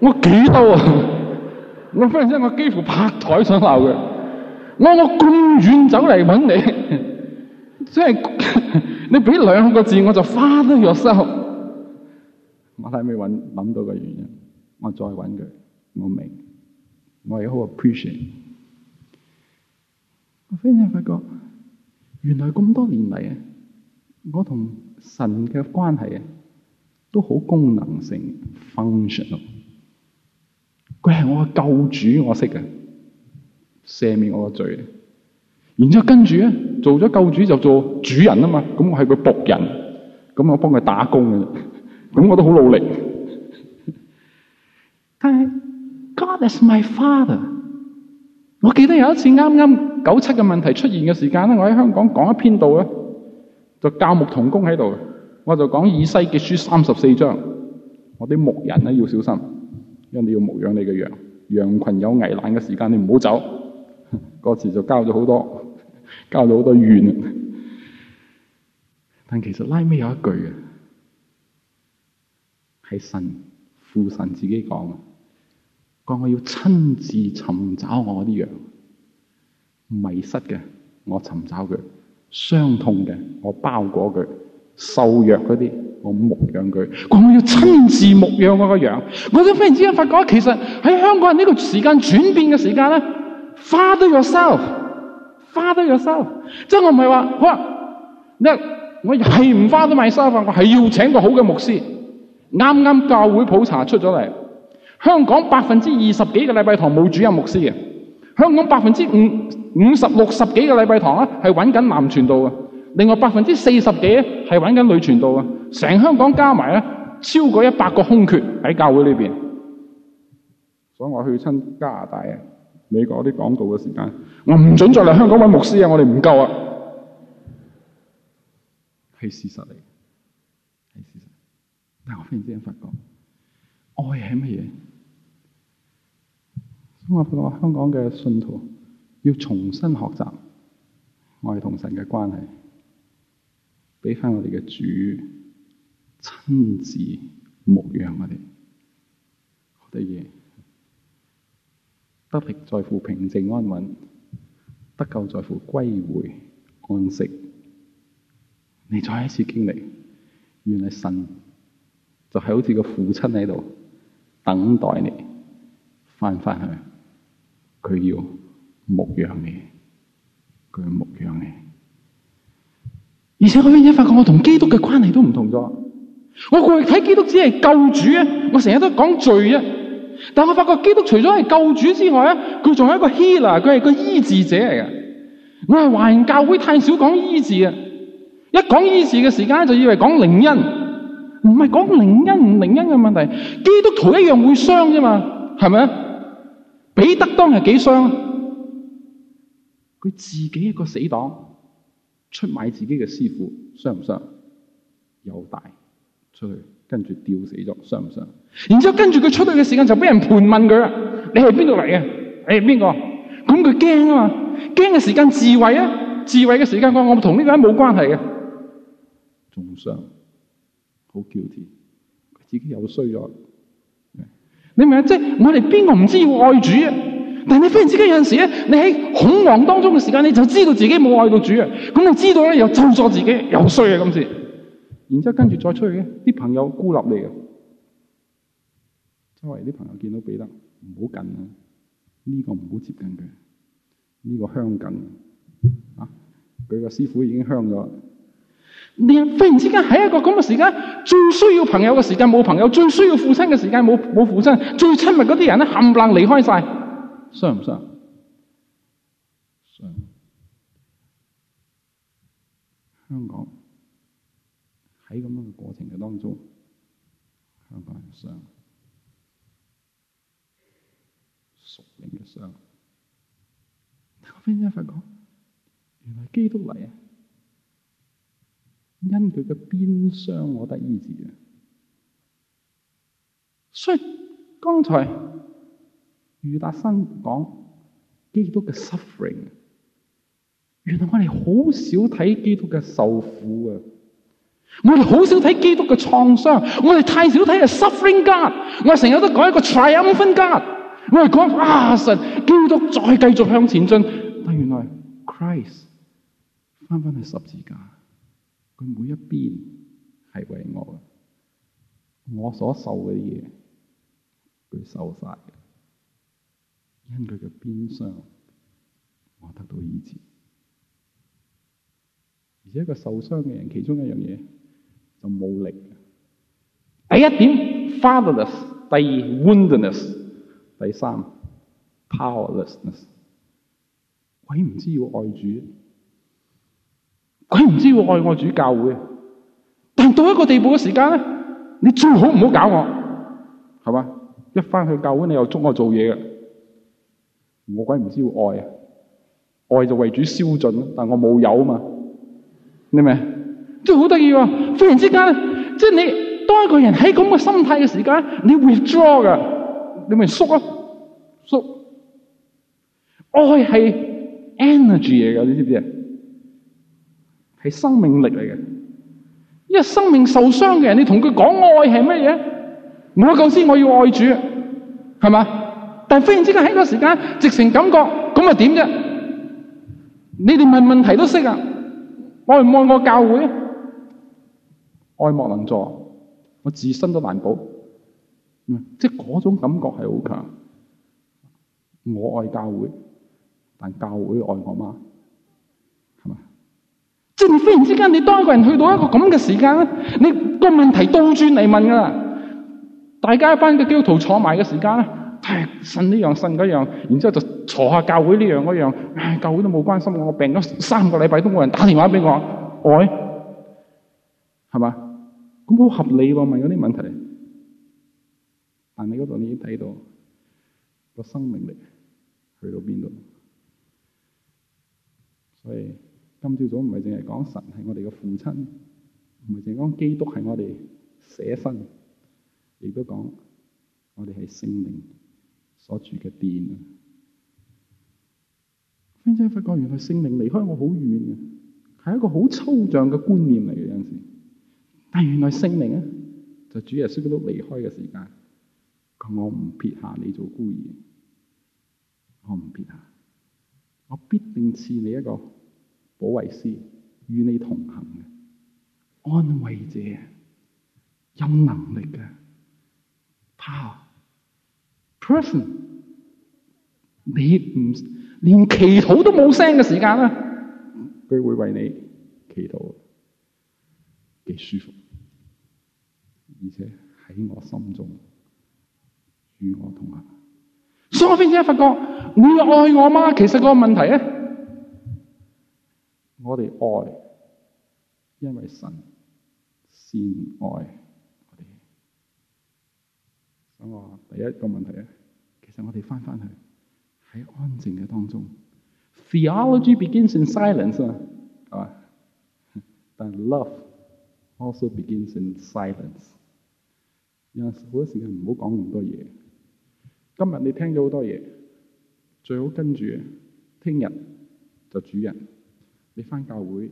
我幾嬲啊！我忽然之我幾乎拍台想鬧佢，我我咁遠走嚟揾你，即係你俾兩個字我就 Father yourself。我睇未揾，諗到個原因，我再揾佢。我明，我亦好 appreciate。我忽然發覺，原來咁多年嚟，我同神嘅關係啊，都好功能性 （functional）。佢係我嘅救主，我識嘅，赦免我嘅罪。然之後跟住咧，做咗救主就做主人啊嘛。咁我係個僕人，咁我幫佢打工嘅。咁我都好努力。但係 God is my father。我記得有一次啱啱九七嘅問題出現嘅時間咧，我喺香港講一篇道，咧，就教牧同工喺度，我就講以西結書三十四章，我啲牧人咧，要小心，因為你要牧養你嘅羊，羊群有危難嘅時間你唔好走。嗰時就交咗好多，交咗好多怨。但其實拉尾有一句嘅。神父神自己講，講我要親自尋找我啲羊，迷失嘅我尋找佢，傷痛嘅我包裹佢，瘦弱嗰啲我牧養佢，講我要親自牧養我個羊。我都忽然之間發覺，其實喺香港人呢個時間轉變嘅時間咧，花都要收，花都要收。即係我唔係話，哇，你我係唔花都買沙發，我係要請個好嘅牧師。啱啱教會普查出咗嚟，香港百分之二十幾嘅禮拜堂冇主任牧師嘅，香港百分之五五十六十幾個禮拜堂咧，係揾緊男傳道嘅，另外百分之四十幾係揾緊女傳道嘅，成香港加埋咧超過一百個空缺喺教會裏邊，所以我去親加拿大啊、美國啲廣告嘅時間，我唔准再嚟香港揾牧師啊，我哋唔夠啊，係事實嚟。但我忽然之間發覺，愛係乜嘢？所以我發覺香港嘅信徒要重新學習愛同神嘅關係，畀翻我哋嘅主親自牧養我哋。啲嘢得力在乎平靜安穩，得救在乎歸回安息。你再一次經歷，原來神。就係好似個父親喺度等待你翻翻去，佢要牧養你，佢要牧養你。而且我依家發覺我同基督嘅關係都唔同咗。我過去睇基督只係救主啊，我成日都講罪啊。但我發覺基督除咗係救主之外，佢仲係一個 healer，佢係個醫治者嚟嘅。我係環教會太少講醫治啊，一講醫治嘅時間就以為講靈恩。唔係講靈恩唔靈恩嘅問題，基督徒一樣會傷啫嘛，係咪啊？彼得當日幾傷？佢自己一個死黨出賣自己嘅師傅，傷唔傷？有大出去，跟住吊死咗，傷唔傷？然之後跟住佢出去嘅時間就俾人盤問佢啦。你係邊度嚟？啊？你係邊個？咁佢驚啊嘛？驚嘅時間自衛啊，自衛嘅時間我我同呢個人冇關係嘅，仲傷。好 guilty, 自己又衰咗。你明啊？即係我哋邊個唔知要愛主啊？但係你忽然之間有陣時咧，你喺恐慌當中嘅時間，你就知道自己冇愛到主啊。咁你知道咧，又咒作自己，又衰啊！今次，嗯，然之後跟住再出去嘅啲朋友孤立你嘅，周圍啲朋友見到彼得唔好近啊，呢個唔好接近佢，呢個香緊啊，佢個師傅已經香咗。你忽然之間喺一個咁嘅時間，最需要朋友嘅時間冇朋友，最需要父親嘅時間冇冇父親，最親密嗰啲人咧冚唪唥離開晒，傷唔傷？傷傷。香港喺咁樣嘅過程嘅當中，香港人傷傷熟人嘅傷。我忽然一發講，原來基督嚟。啊。因佢嘅鞭傷，我得醫治。所以剛才余達生講基督嘅 suffering，原來我哋好少睇基督嘅受苦啊！我哋好少睇基督嘅創傷，我哋太少睇啊 suffering God。我成日都講一個 triumphant God，我哋講啊神，基督再繼續向前進，但原來 Christ 翻翻去十字架。佢每一邊係為我嘅，我所受嘅啲嘢，佢受晒嘅，因佢嘅鞭傷，我得到醫治。而且一個受傷嘅人，其中一樣嘢就冇力。第一點，fatherless；第二，woundedness；第三，powerlessness。鬼唔知要愛主。鬼唔知會愛我主教會，但到一個地步嘅時間咧，你最好唔好搞我，係嘛？一翻去教會你又捉我做嘢嘅，我鬼唔知要愛啊！愛就為主消盡，但我冇有啊嘛？你咪即係好得意啊！忽然之間，即係你當一個人喺咁嘅心態嘅時間，你 withdraw 噶，你咪縮啊，縮！愛係 energy 嚟噶，你知唔知？係生命力嚟嘅，因為生命受傷嘅人，你同佢講愛係乜嘢？我講先我要愛主，係嘛？但係忽然之間喺個時間直成感覺，咁啊點啫？你哋問問題都識啊？愛唔愛我教會？愛莫能助，我自身都難保，即係嗰種感覺係好強。我愛教會，但教會愛我媽。即係忽然之間，你當一個人去到一個咁嘅時間咧，你個問題倒轉嚟問噶啦。大家一班嘅基督徒坐埋嘅時間咧，唉，信呢樣信嗰樣，然之後就坐下教會呢樣嗰樣，唉、哎，教會都冇關心我病咗三個禮拜都冇人打電話俾我，愛係嘛？咁好合理喎，問嗰啲問題咧。但你嗰度你已經睇到個生命力去到邊度？所以。今朝早唔係淨係講神係我哋嘅父親，唔係淨係講基督係我哋捨身，亦都講我哋係聖靈所住嘅殿啊 friend 仔發覺原來聖靈離開我好遠嘅，係一個好抽象嘅觀念嚟嘅有陣時。但原來聖靈啊，就是主耶穌基督離開嘅時間，講我唔撇下你做孤兒，我唔撇下，我必定賜你一個。保惠師與你同行嘅安慰者，有能力嘅，他 person，你唔連祈禱都冇聲嘅時間啦、啊，佢會為你祈禱，幾舒服，而且喺我心中與我同行，所以我先至發覺你愛我嗎？其實嗰個問題咧。我哋愛，因為神先愛我哋。咁我第一個問題咧，其實我哋翻翻去喺安靜嘅當中，Theology begins in silence 啊，但 love also begins in silence。有陣時好多時間唔好講咁多嘢。今日你聽咗好多嘢，最好跟住，聽日就主人。你翻教會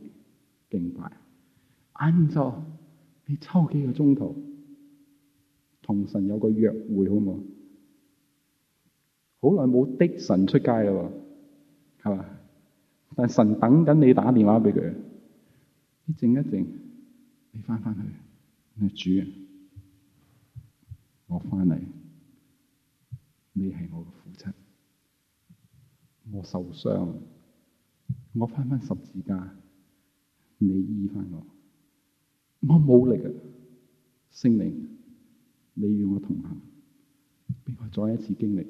敬拜，晏晝，你抽幾個鐘頭同神有個約會好冇？好耐冇的神出街啦，係嘛？但神等緊你打電話俾佢，你靜一靜，你翻翻去，你主，我翻嚟，你係我嘅父親，我受傷。我翻翻十字架，你醫翻我，我冇力啊！聖靈，你與我同行，俾我再一次經歷。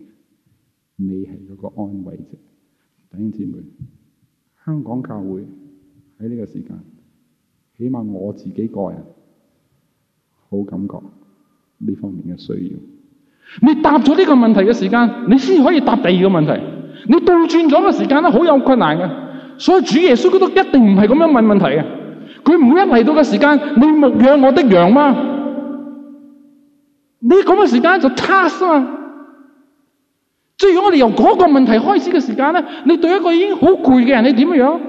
你係嗰個安慰者。弟兄姊妹，香港教會喺呢個時間，起碼我自己個人好感覺呢方面嘅需要。你答咗呢個問題嘅時間，你先可以答第二個問題。你倒轉咗嘅時間咧，好有困難嘅。所以主耶穌佢都一定唔係咁樣問問題，佢唔會一嚟到嘅時間，你牧養我的羊嘛？你咁嘅時間就他生。即係如果我哋由嗰個問題開始嘅時間咧，你對一個已經好攰嘅人，你點樣？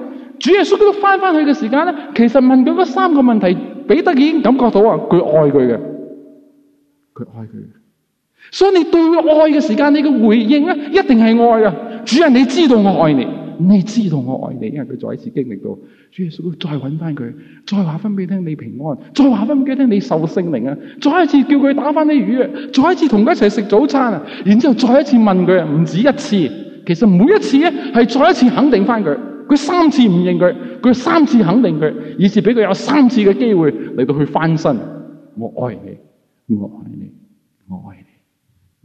主耶穌佢都翻翻去嘅時間咧，其實問佢嗰三個問題，彼得已經感覺到啊，佢愛佢嘅，佢愛佢嘅。所以你對愛嘅時間，你嘅回應咧，一定係愛啊！主人，你知道我愛你。你知道我愛你，因為佢再一次經歷到主耶穌再搵翻佢，再話翻俾你聽你平安，再話翻俾你聽你受聖靈啊，再一次叫佢打翻啲魚啊，再一次同佢一齊食早餐啊，然之後再一次問佢啊，唔止一次，其實每一次咧係再一次肯定翻佢，佢三次唔認佢，佢三次肯定佢，以致俾佢有三次嘅機會嚟到去翻身。我愛你，我愛你，我愛你，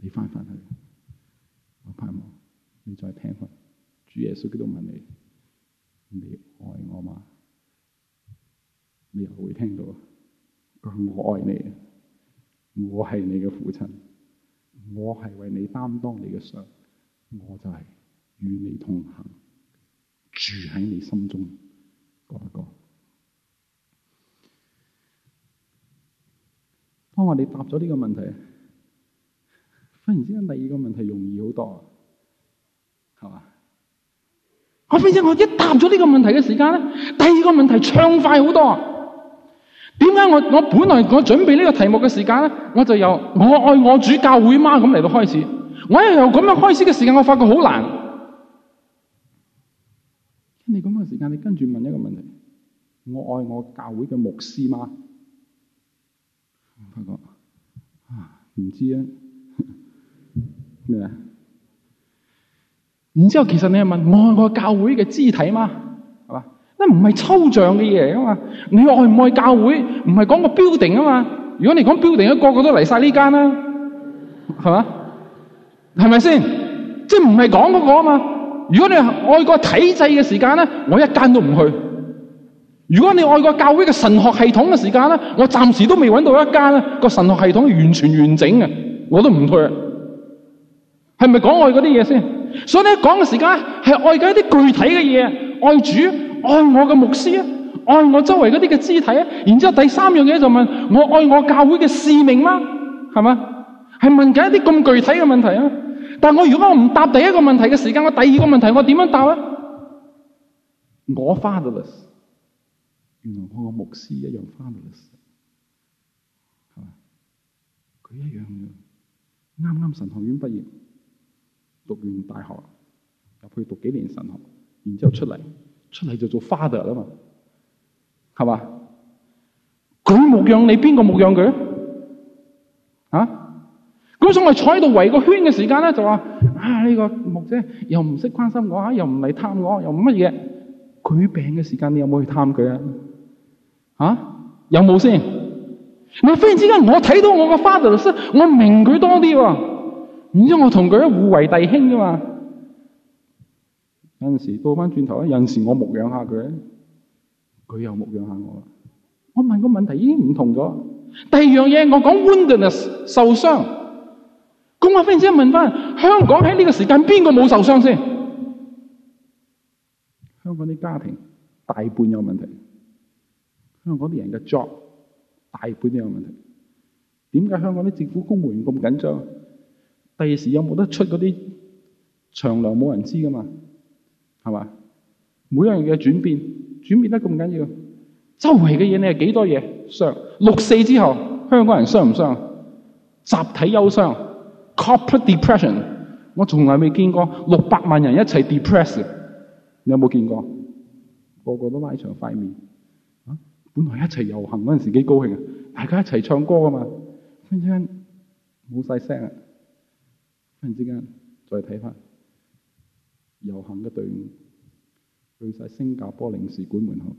你翻翻去，我盼望你再聽主耶穌佢都問你，你愛我嗎？你又會聽到佢話我愛你，我係你嘅父親，我係為你擔當你嘅傷，我就係與你同行，住喺你心中。講一講，當我哋答咗呢個問題，忽然之間第二個問題容易好多，係嘛？我本身我一答咗呢個問題嘅時間咧，第二個問題暢快好多。點解我我本來我準備呢個題目嘅時間咧，我就由我愛我主教會嘛咁嚟到開始，我又由咁樣開始嘅時間，我發覺好難。你咁嘅時間，你跟住問一個問題：我愛我教會嘅牧師嘛？發覺啊，唔知啊，咩啊？然之後，其實你係問愛唔愛教會嘅肢體嘛？係嘛？因唔係抽象嘅嘢啊嘛。你愛唔愛教會，唔係講個 building 啊嘛。如果你講 building 咁個個都嚟晒呢間啦，啊，係嘛？係咪先？即係唔係講嗰個啊嘛？如果你係愛個體制嘅時間咧，我一間都唔去。如果你愛國教會嘅神學系統嘅時間咧，我暫時都未揾到一間個神學系統完全完整嘅，我都唔退。係咪講愛嗰啲嘢先？所以你講嘅時間係愛緊一啲具體嘅嘢，愛主，愛我嘅牧師啊，愛我周圍嗰啲嘅肢體啊，然之後第三樣嘢就問我愛我教會嘅使命嗎？係咪？係問緊一啲咁具體嘅問題啊！但係我如果我唔答第一個問題嘅時間，我第二個問題我點樣答啊？我 Fatherless，原來我個牧師一樣 e s s 係嘛？佢一樣，啱啱神學院畢業。讀完大學，入去讀幾年神學，然之後出嚟，出嚟就做 father 啦嘛，係嘛？佢冇養你，邊個冇養佢啊？啊？咁所以我坐喺度圍個圈嘅時間咧，就話啊呢、這個牧者又唔識關心我，又唔嚟探我，又乜嘢？佢病嘅時間，你有冇去探佢啊？啊？有冇先？我忽然之間，我睇到我個 father 律師，我明佢多啲。唔知我同佢一互為弟兄噶嘛？有陣時倒翻轉頭，有陣時我牧養下佢，佢又牧養下我。我問個問題已經唔同咗。第二樣嘢，我講 woundedness 受傷。咁我忽然之間問翻：香港喺呢個時間邊個冇受傷先？香港啲家庭大半有問題，香港啲人嘅 job 大半都有問題。點解香港啲政府公務員咁緊張？第二時有冇得出嗰啲長流冇人知噶嘛？係嘛？每樣嘢嘅轉變，轉變得咁緊要。周圍嘅嘢，你係幾多嘢傷？六四之後，香港人傷唔傷？集體憂傷 （Corporate Depression）。我從嚟未見過六百萬人一齊 depressed。你有冇見過？個個都拉長塊面。啊，本來一齊遊行嗰陣時幾高興啊！大家一齊唱歌啊嘛，忽然冇晒聲啊！突然之間，再睇翻遊行嘅隊伍，去晒新加坡領事館門口，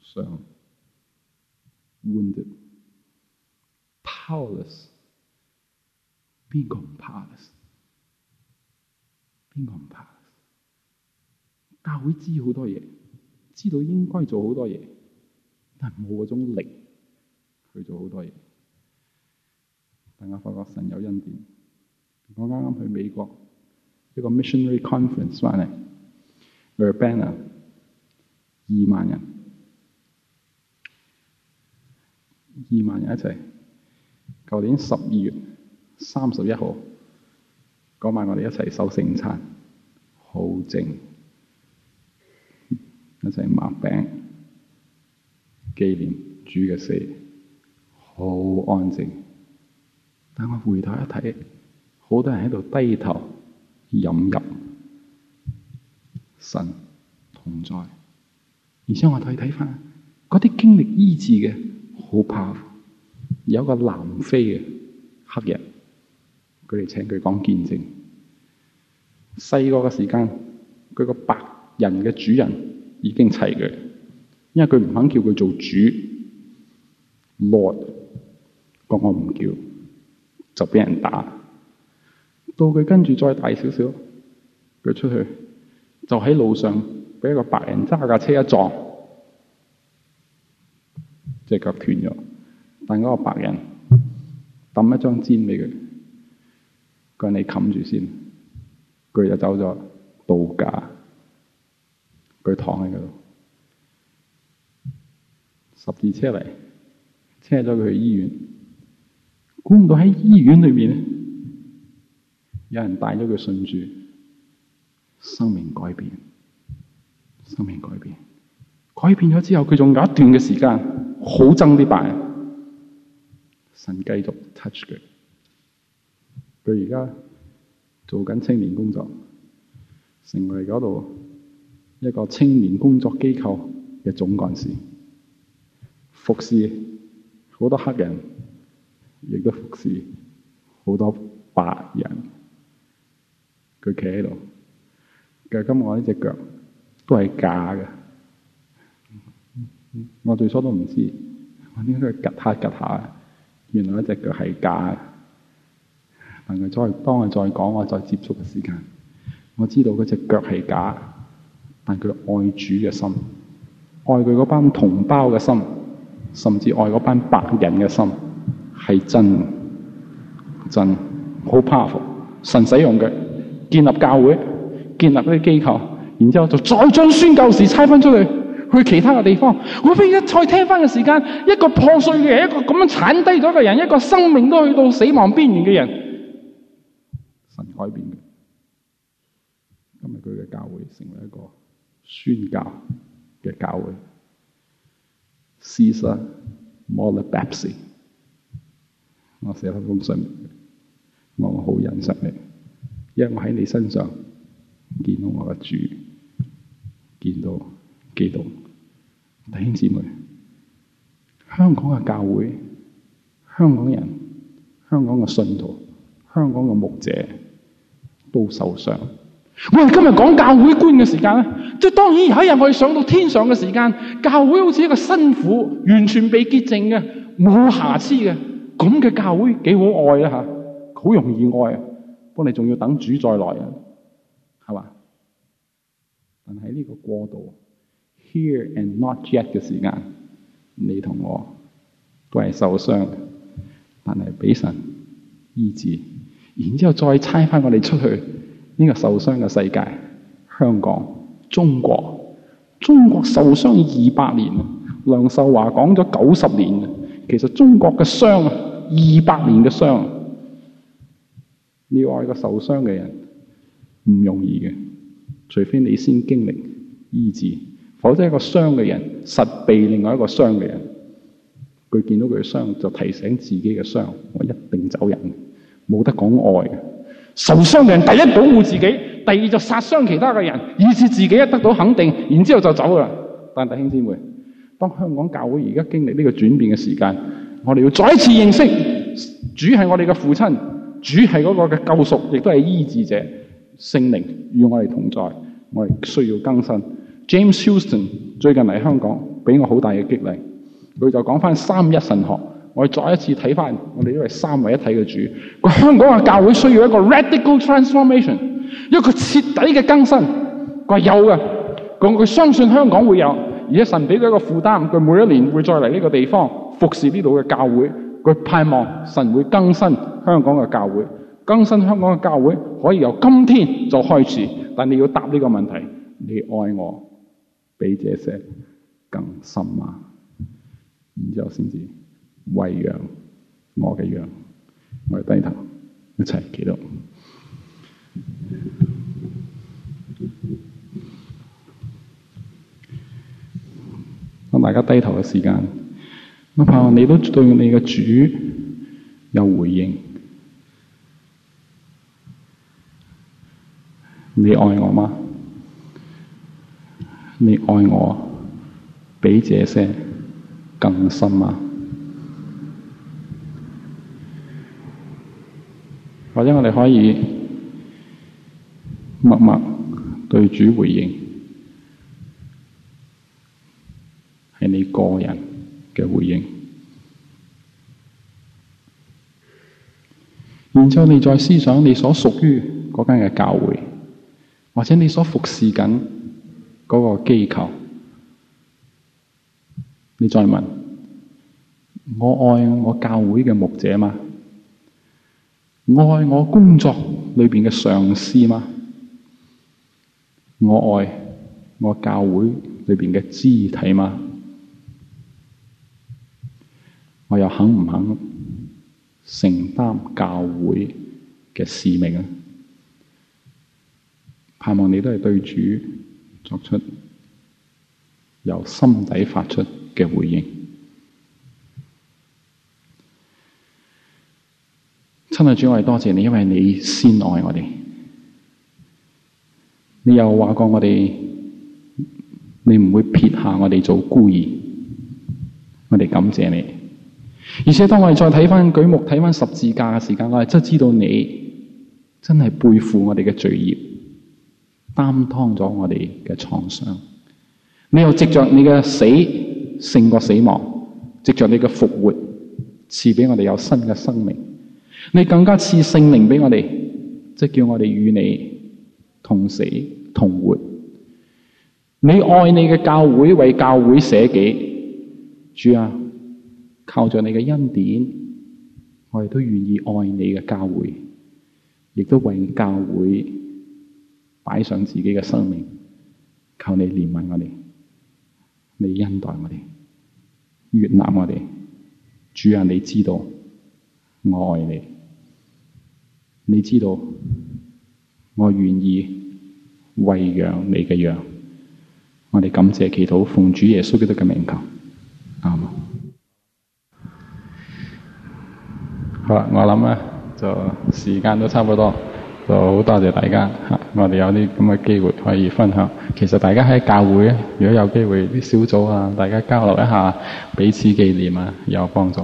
想，wounded，powerless，邊個唔 powerless？邊個唔 powerless？教會知好多嘢，知道應該做好多嘢，但冇嗰種力去做好多嘢。我發覺神有恩典。我啱啱去美國一個 missionary conference 翻嚟，Urbana 啊，二萬人，二萬人一齊。舊年十二月三十一號嗰晚，我哋一齊守聖餐，好靜，一齊擘餅紀念主嘅死，好安靜。但我回頭一睇，好多人喺度低頭飲泣，神同在。而且我再睇翻嗰啲經歷醫治嘅，好怕有個南非嘅黑人，佢哋請佢講見證。細個嘅時間，佢個白人嘅主人已經砌佢，因為佢唔肯叫佢做主 Lord，講我唔叫。就被人打，到佢跟住再大少少，佢出去就喺路上俾一個白人揸架車一撞，隻腳斷咗。但嗰個白人抌一張氈俾佢，佢話你冚住先着，佢就走咗度假。佢躺喺嗰度，十字車嚟，車咗佢去醫院。估唔到喺醫院裏面有人帶咗佢信主，生命改變，生命改變，改變咗之後，佢仲有一段嘅時間好憎啲白人，神繼續 touch 佢，佢而家做緊青年工作，成為嗰度一個青年工作機構嘅總幹事，服侍好多黑人。亦都服侍好多白人，佢企喺度。其實今日我呢隻腳都係假嘅，我最初都唔知，我點解佢夾下夾下啊，原來一隻腳係假嘅。但佢再，當我再講，我再接觸嘅時間，我知道嗰隻腳係假，但佢愛主嘅心，愛佢嗰班同胞嘅心，甚至愛嗰班白人嘅心。係真真好 powerful，神使用嘅，建立教會，建立嗰啲機構，然之後就再將宣教士拆分出去，去其他嘅地方。我哋一再聽翻嘅時間，一個破碎嘅，一個咁樣鏟低咗嘅人，一個生命都去到死亡邊緣嘅人，神改變嘅。今日佢嘅教會成為一個宣教嘅教會。Cesar Malapasy。我寫咗封信，我好認識你，因為我喺你身上見到我嘅主，見到基督。弟兄姊妹，香港嘅教會、香港人、香港嘅信徒、香港嘅牧者都受傷。我哋今日講教會觀嘅時間咧，即係當然喺一日我哋上到天上嘅時間，教會好似一個辛苦，完全被潔淨嘅，冇瑕疵嘅。咁嘅教會幾可愛啊吓，好容易愛啊，不過你仲要等主再來啊，係嘛？但喺呢個過渡、here and not yet 嘅時間，你同我都係受傷嘅，但係俾神醫治，然之後再差翻我哋出去呢、這個受傷嘅世界，香港、中國、中國受傷二百年，梁秀華講咗九十年。其實中國嘅傷啊，二百年嘅傷，你要愛個受傷嘅人唔容易嘅，除非你先經歷醫治，否則一個傷嘅人實被另外一個傷嘅人，佢見到佢傷就提醒自己嘅傷，我一定走人，冇得講愛嘅。受傷嘅人第一保護自己，第二就殺傷其他嘅人，以致自己一得到肯定，然之後就走啦。但弟兄姊妹。當香港教會而家經歷呢個轉變嘅時間，我哋要再一次認識主係我哋嘅父親，主係嗰個嘅救贖，亦都係醫治者，聖靈與我哋同在，我哋需要更新。James Houston 最近嚟香港，俾我好大嘅激勵。佢就講翻三一神學，我哋再一次睇翻，我哋都係三位一體嘅主。個香港嘅教會需要一個 radical transformation，一個徹底嘅更新。佢話有㗎，佢佢相信香港會有。而且神俾佢一個負擔，佢每一年會再嚟呢個地方服侍呢度嘅教會，佢盼望神會更新香港嘅教會，更新香港嘅教會可以由今天就開始。但你要答呢個問題，你愛我比這些更深啊？然之後先至餵養我嘅羊，我哋低頭一齊祈禱。大家低頭嘅時間，我怕你都對你嘅主有回應。你愛我嗎？你愛我，比這些更深嗎？或者我哋可以默默對主回應。個人嘅回應，然之後你再思想你所屬於嗰間嘅教會，或者你所服侍緊嗰個機構，你再問：我愛我教會嘅牧者嗎？我愛我工作裏邊嘅上司嗎？我愛我教會裏邊嘅肢體嗎？我又肯唔肯承擔教會嘅使命啊？盼望你都係對主作出由心底發出嘅回應。親愛主，我哋多謝你，因為你先愛我哋，你又話過我哋，你唔會撇下我哋做孤兒，我哋感謝你。而且當我哋再睇翻，舉目睇翻十字架嘅時間，我哋真係知道你真係背負我哋嘅罪孽，擔當咗我哋嘅創傷。你又藉着你嘅死勝過死亡，藉着你嘅復活賜俾我哋有新嘅生命。你更加賜聖靈俾我哋，即叫我哋與你同死同活。你愛你嘅教會，為教會捨己，主啊！靠着你嘅恩典，我哋都願意愛你嘅教會，亦都為教會擺上自己嘅生命。求你憐憫我哋，你恩待我哋，悅納我哋。主啊，你知道我愛你，你知道我願意餵養你嘅羊。我哋感謝祈禱，奉主耶穌基督嘅名求，啱。好，我諗咧、啊、就時間都差唔多，就好多謝大家吓。我哋有啲咁嘅機會可以分享，其實大家喺教會咧，如果有機會啲小組啊，大家交流一下，彼此紀念啊，有幫助。